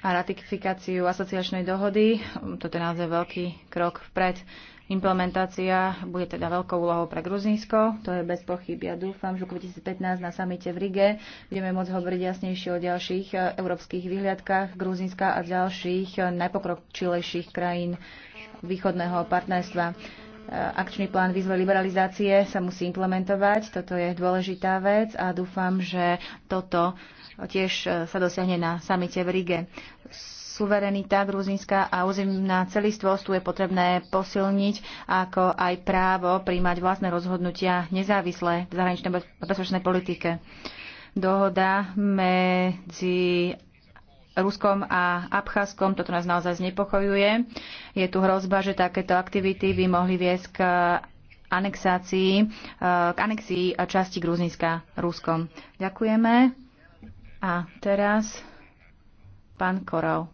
a ratifikáciu asociačnej dohody. Toto je naozaj veľký krok vpred. Implementácia bude teda veľkou úlohou pre Gruzínsko, to je bez pochyb. Ja dúfam, že v 2015 na samite v Rige budeme môcť hovoriť jasnejšie o ďalších eh, európskych vyhliadkách Gruzínska a ďalších eh, najpokročilejších krajín východného partnerstva eh, akčný plán výzve liberalizácie sa musí implementovať. Toto je dôležitá vec a dúfam, že toto tiež sa dosiahne na samite v Rige suverenita Gruzínska a územná celistvosť tu je potrebné posilniť, ako aj právo príjmať vlastné rozhodnutia nezávisle v zahraničnej bezpečnej politike. Dohoda medzi Ruskom a Abcházskom. Toto nás naozaj znepokojuje. Je tu hrozba, že takéto aktivity by mohli viesť k anexácii, e, k anexii časti Gruzinska Ruskom. Ďakujeme. A teraz pán Korov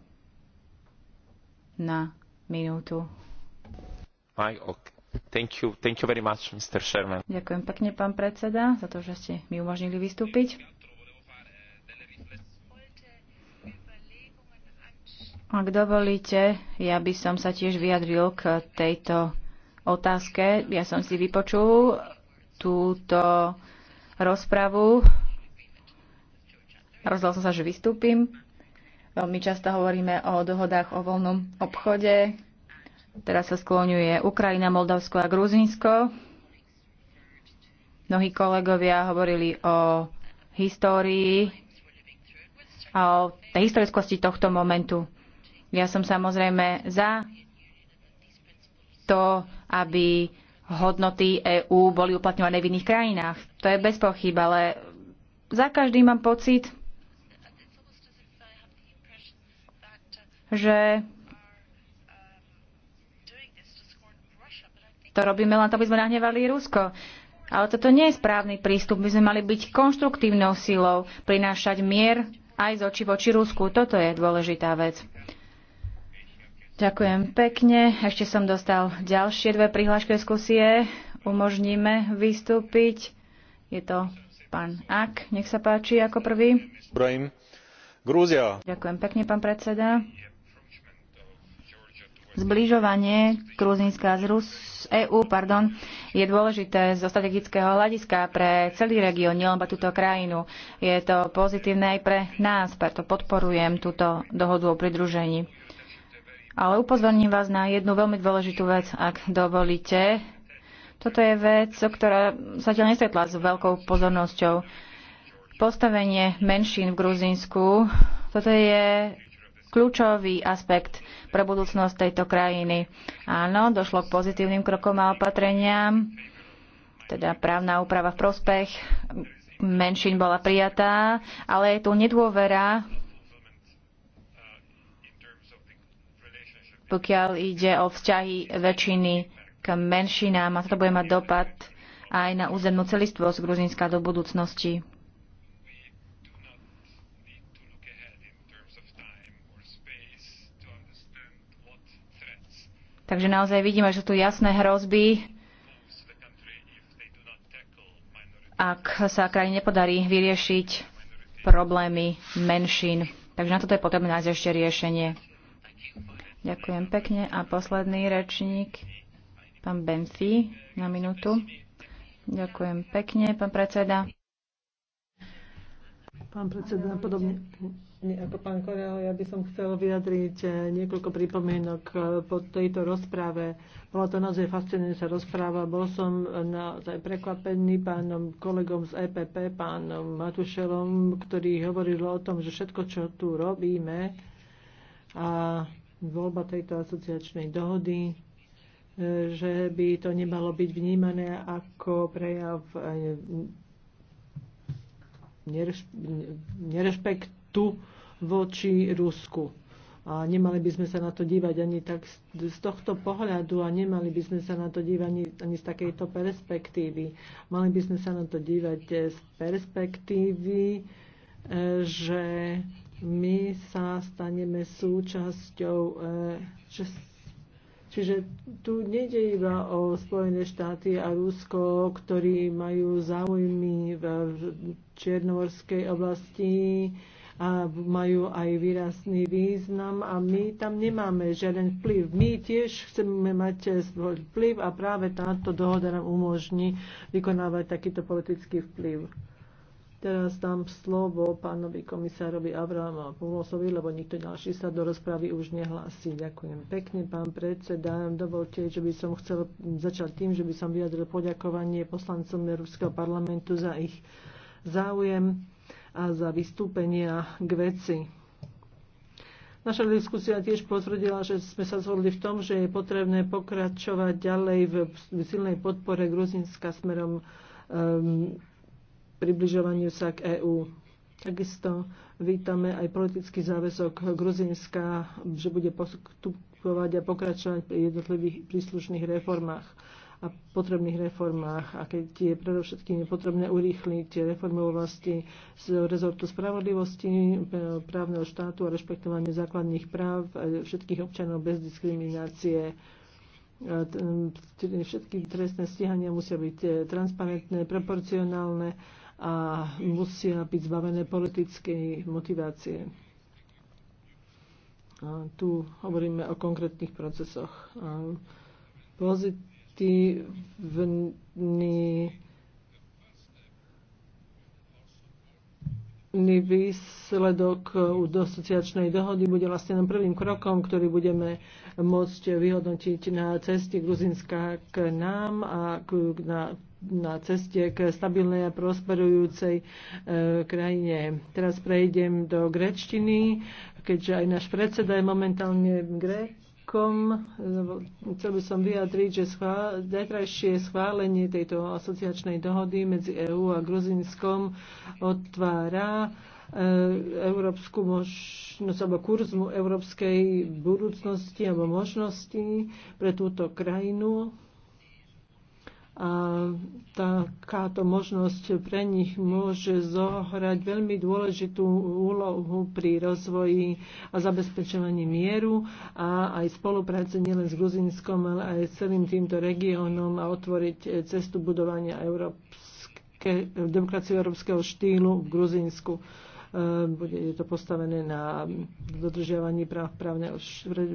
na minútu. Aj, okay. Thank you, thank you very much, Mr. Sherman. Ďakujem pekne, pán predseda, za to, že ste mi umožnili vystúpiť. Ak dovolíte, ja by som sa tiež vyjadril k tejto otázke. Ja som si vypočul túto rozpravu. Rozhodol som sa, že vystúpim. Veľmi často hovoríme o dohodách o voľnom obchode. Teraz sa skloňuje Ukrajina, Moldavsko a Gruzinsko. Mnohí kolegovia hovorili o histórii a o tej historickosti tohto momentu. Ja som samozrejme za to, aby hodnoty EÚ boli uplatňované v iných krajinách. To je bez pochyb, ale za každý mám pocit, že to robíme len to, aby sme nahnevali Rusko. Ale toto nie je správny prístup. My sme mali byť konštruktívnou silou, prinášať mier aj z očí voči Rusku. Toto je dôležitá vec. Ďakujem pekne. Ešte som dostal ďalšie dve prihlášky diskusie. Umožníme vystúpiť. Je to pán Ak. Nech sa páči ako prvý. Grúzia. Ďakujem pekne, pán predseda. Zbližovanie Gruzínska z Rus, EU pardon, je dôležité zo strategického hľadiska pre celý región, nielen pre túto krajinu. Je to pozitívne aj pre nás, preto podporujem túto dohodu o pridružení. Ale upozorním vás na jednu veľmi dôležitú vec, ak dovolíte. Toto je vec, ktorá sa zatiaľ nestretla s veľkou pozornosťou. Postavenie menšín v Gruzínsku, toto je kľúčový aspekt pre budúcnosť tejto krajiny. Áno, došlo k pozitívnym krokom a opatreniam, teda právna úprava v prospech menšin bola prijatá, ale je tu nedôvera, pokiaľ ide o vzťahy väčšiny k menšinám a toto bude mať dopad aj na územnú celistvosť Gruzinska do budúcnosti. Takže naozaj vidíme, že sú tu jasné hrozby, ak sa krajine nepodarí vyriešiť problémy menšín. Takže na toto je potrebné nájsť ešte riešenie. Ďakujem pekne. A posledný rečník, pán Benfi, na minútu. Ďakujem pekne, pán predseda. Pán predseda, podobne nie, ako pán Koreo, ja by som chcel vyjadriť eh, niekoľko pripomienok eh, po tejto rozpráve. Bola to naozaj fascinujúca rozpráva. Bol som naozaj prekvapený pánom kolegom z EPP, pánom Matušelom, ktorý hovoril o tom, že všetko, čo tu robíme a voľba tejto asociačnej dohody, eh, že by to nemalo byť vnímané ako prejav nerešpektu tu voči Rusku. A nemali by sme sa na to dívať ani tak z tohto pohľadu a nemali by sme sa na to dívať ani, ani z takejto perspektívy. Mali by sme sa na to dívať e, z perspektívy, e, že my sa staneme súčasťou, e, čiže tu nejde iba o Spojené štáty a Rusko, ktorí majú záujmy v Čiernovorskej oblasti, a majú aj výrazný význam a my tam nemáme žiaden vplyv. My tiež chceme mať svoj vplyv a práve táto dohoda nám umožní vykonávať takýto politický vplyv. Teraz dám slovo pánovi komisárovi Avrama Pumosovi, lebo nikto ďalší sa do rozpravy už nehlási. Ďakujem pekne, pán predseda. Dovolte, že by som chcel začať tým, že by som vyjadril poďakovanie poslancom Európskeho parlamentu za ich záujem a za vystúpenia k veci. Naša diskusia tiež potvrdila, že sme sa zhodli v tom, že je potrebné pokračovať ďalej v silnej podpore Gruzinska smerom um, približovaniu sa k EÚ. Takisto vítame aj politický záväzok Gruzinska, že bude postupovať a pokračovať pri jednotlivých príslušných reformách a potrebných reformách. A keď je predovšetkým potrebné urýchliť reformu oblasti z rezortu spravodlivosti, e, právneho štátu a rešpektovanie základných práv e, všetkých občanov bez diskriminácie e, všetky trestné stíhania musia byť transparentné, proporcionálne a musia byť zbavené politickej motivácie. A tu hovoríme o konkrétnych procesoch. Pozit- pozitívny výsledok dosociačnej dohody bude vlastne len prvým krokom, ktorý budeme môcť vyhodnotiť na ceste Gruzinska k nám a k, na, na ceste k stabilnej a prosperujúcej e, krajine. Teraz prejdem do grečtiny, keďže aj náš predseda je momentálne grečtiny všetkom. Chcel by som vyjadriť, že schvál, zajtrajšie schválenie tejto asociačnej dohody medzi EÚ a Gruzinskom otvára eh, európsku možnosť alebo kurzmu európskej budúcnosti alebo možnosti pre túto krajinu. A takáto možnosť pre nich môže zohrať veľmi dôležitú úlohu pri rozvoji a zabezpečovaní mieru a aj spolupráce nielen s Gruzinskom, ale aj s celým týmto regiónom a otvoriť cestu budovania európske, demokracie európskeho štýlu v Gruzínsku. Ehm, bude to postavené na dodržiavaní práv právneho,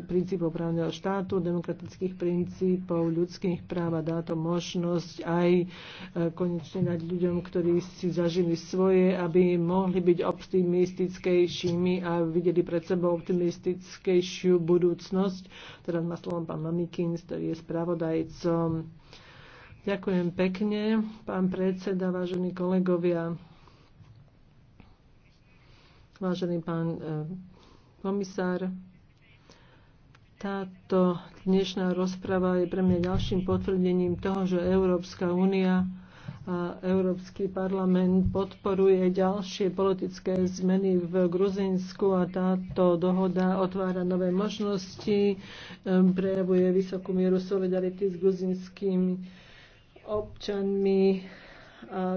princípov právneho štátu, demokratických princípov, ľudských práv a dá to možnosť aj e, konečne nad ľuďom, ktorí si zažili svoje, aby mohli byť optimistickejšími a videli pred sebou optimistickejšiu budúcnosť. Teraz má slovo pán Mamikins, ktorý je spravodajcom. Ďakujem pekne, pán predseda, vážení kolegovia vážený pán e, komisár. Táto dnešná rozprava je pre mňa ďalším potvrdením toho, že Európska únia a Európsky parlament podporuje ďalšie politické zmeny v Gruzinsku a táto dohoda otvára nové možnosti, e, prejavuje vysokú mieru solidarity s gruzinskými občanmi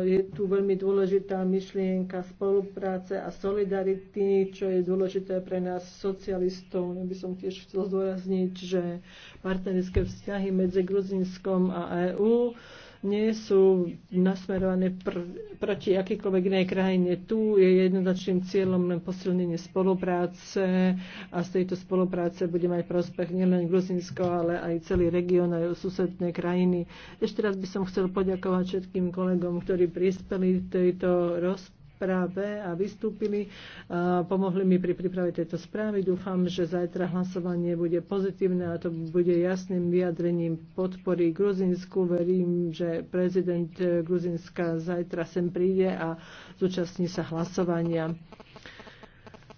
je tu veľmi dôležitá myšlienka spolupráce a solidarity, čo je dôležité pre nás socialistov. Ja by som tiež chcel zdôrazniť, že partnerské vzťahy medzi Gruzinskom a EÚ nie sú nasmerované pr- proti akýkoľvek inej krajine. Tu je jednoznačným cieľom len posilnenie spolupráce a z tejto spolupráce bude mať prospech nielen Gruzinsko, ale aj celý región aj susedné krajiny. Ešte raz by som chcel poďakovať všetkým kolegom, ktorí prispeli tejto rozprave práve a vystúpili. A pomohli mi pri príprave tejto správy. Dúfam, že zajtra hlasovanie bude pozitívne a to bude jasným vyjadrením podpory Gruzinsku. Verím, že prezident Gruzinska zajtra sem príde a zúčastní sa hlasovania.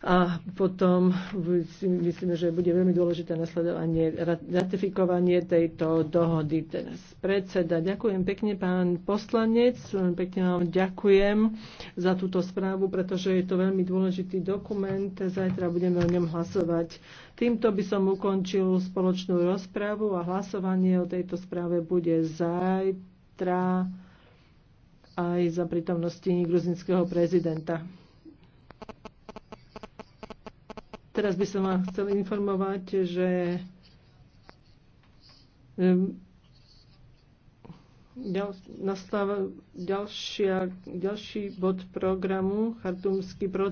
A potom si myslíme, že bude veľmi dôležité nasledovanie, ratifikovanie tejto dohody. Teraz predseda, ďakujem pekne pán poslanec, pekne vám ďakujem za túto správu, pretože je to veľmi dôležitý dokument. Zajtra budeme o ňom hlasovať. Týmto by som ukončil spoločnú rozprávu a hlasovanie o tejto správe bude zajtra aj za prítomnosti gruzinského prezidenta. Teraz by som vás chcel informovať, že nastáva ďalšia, ďalší bod programu, chartumský proces.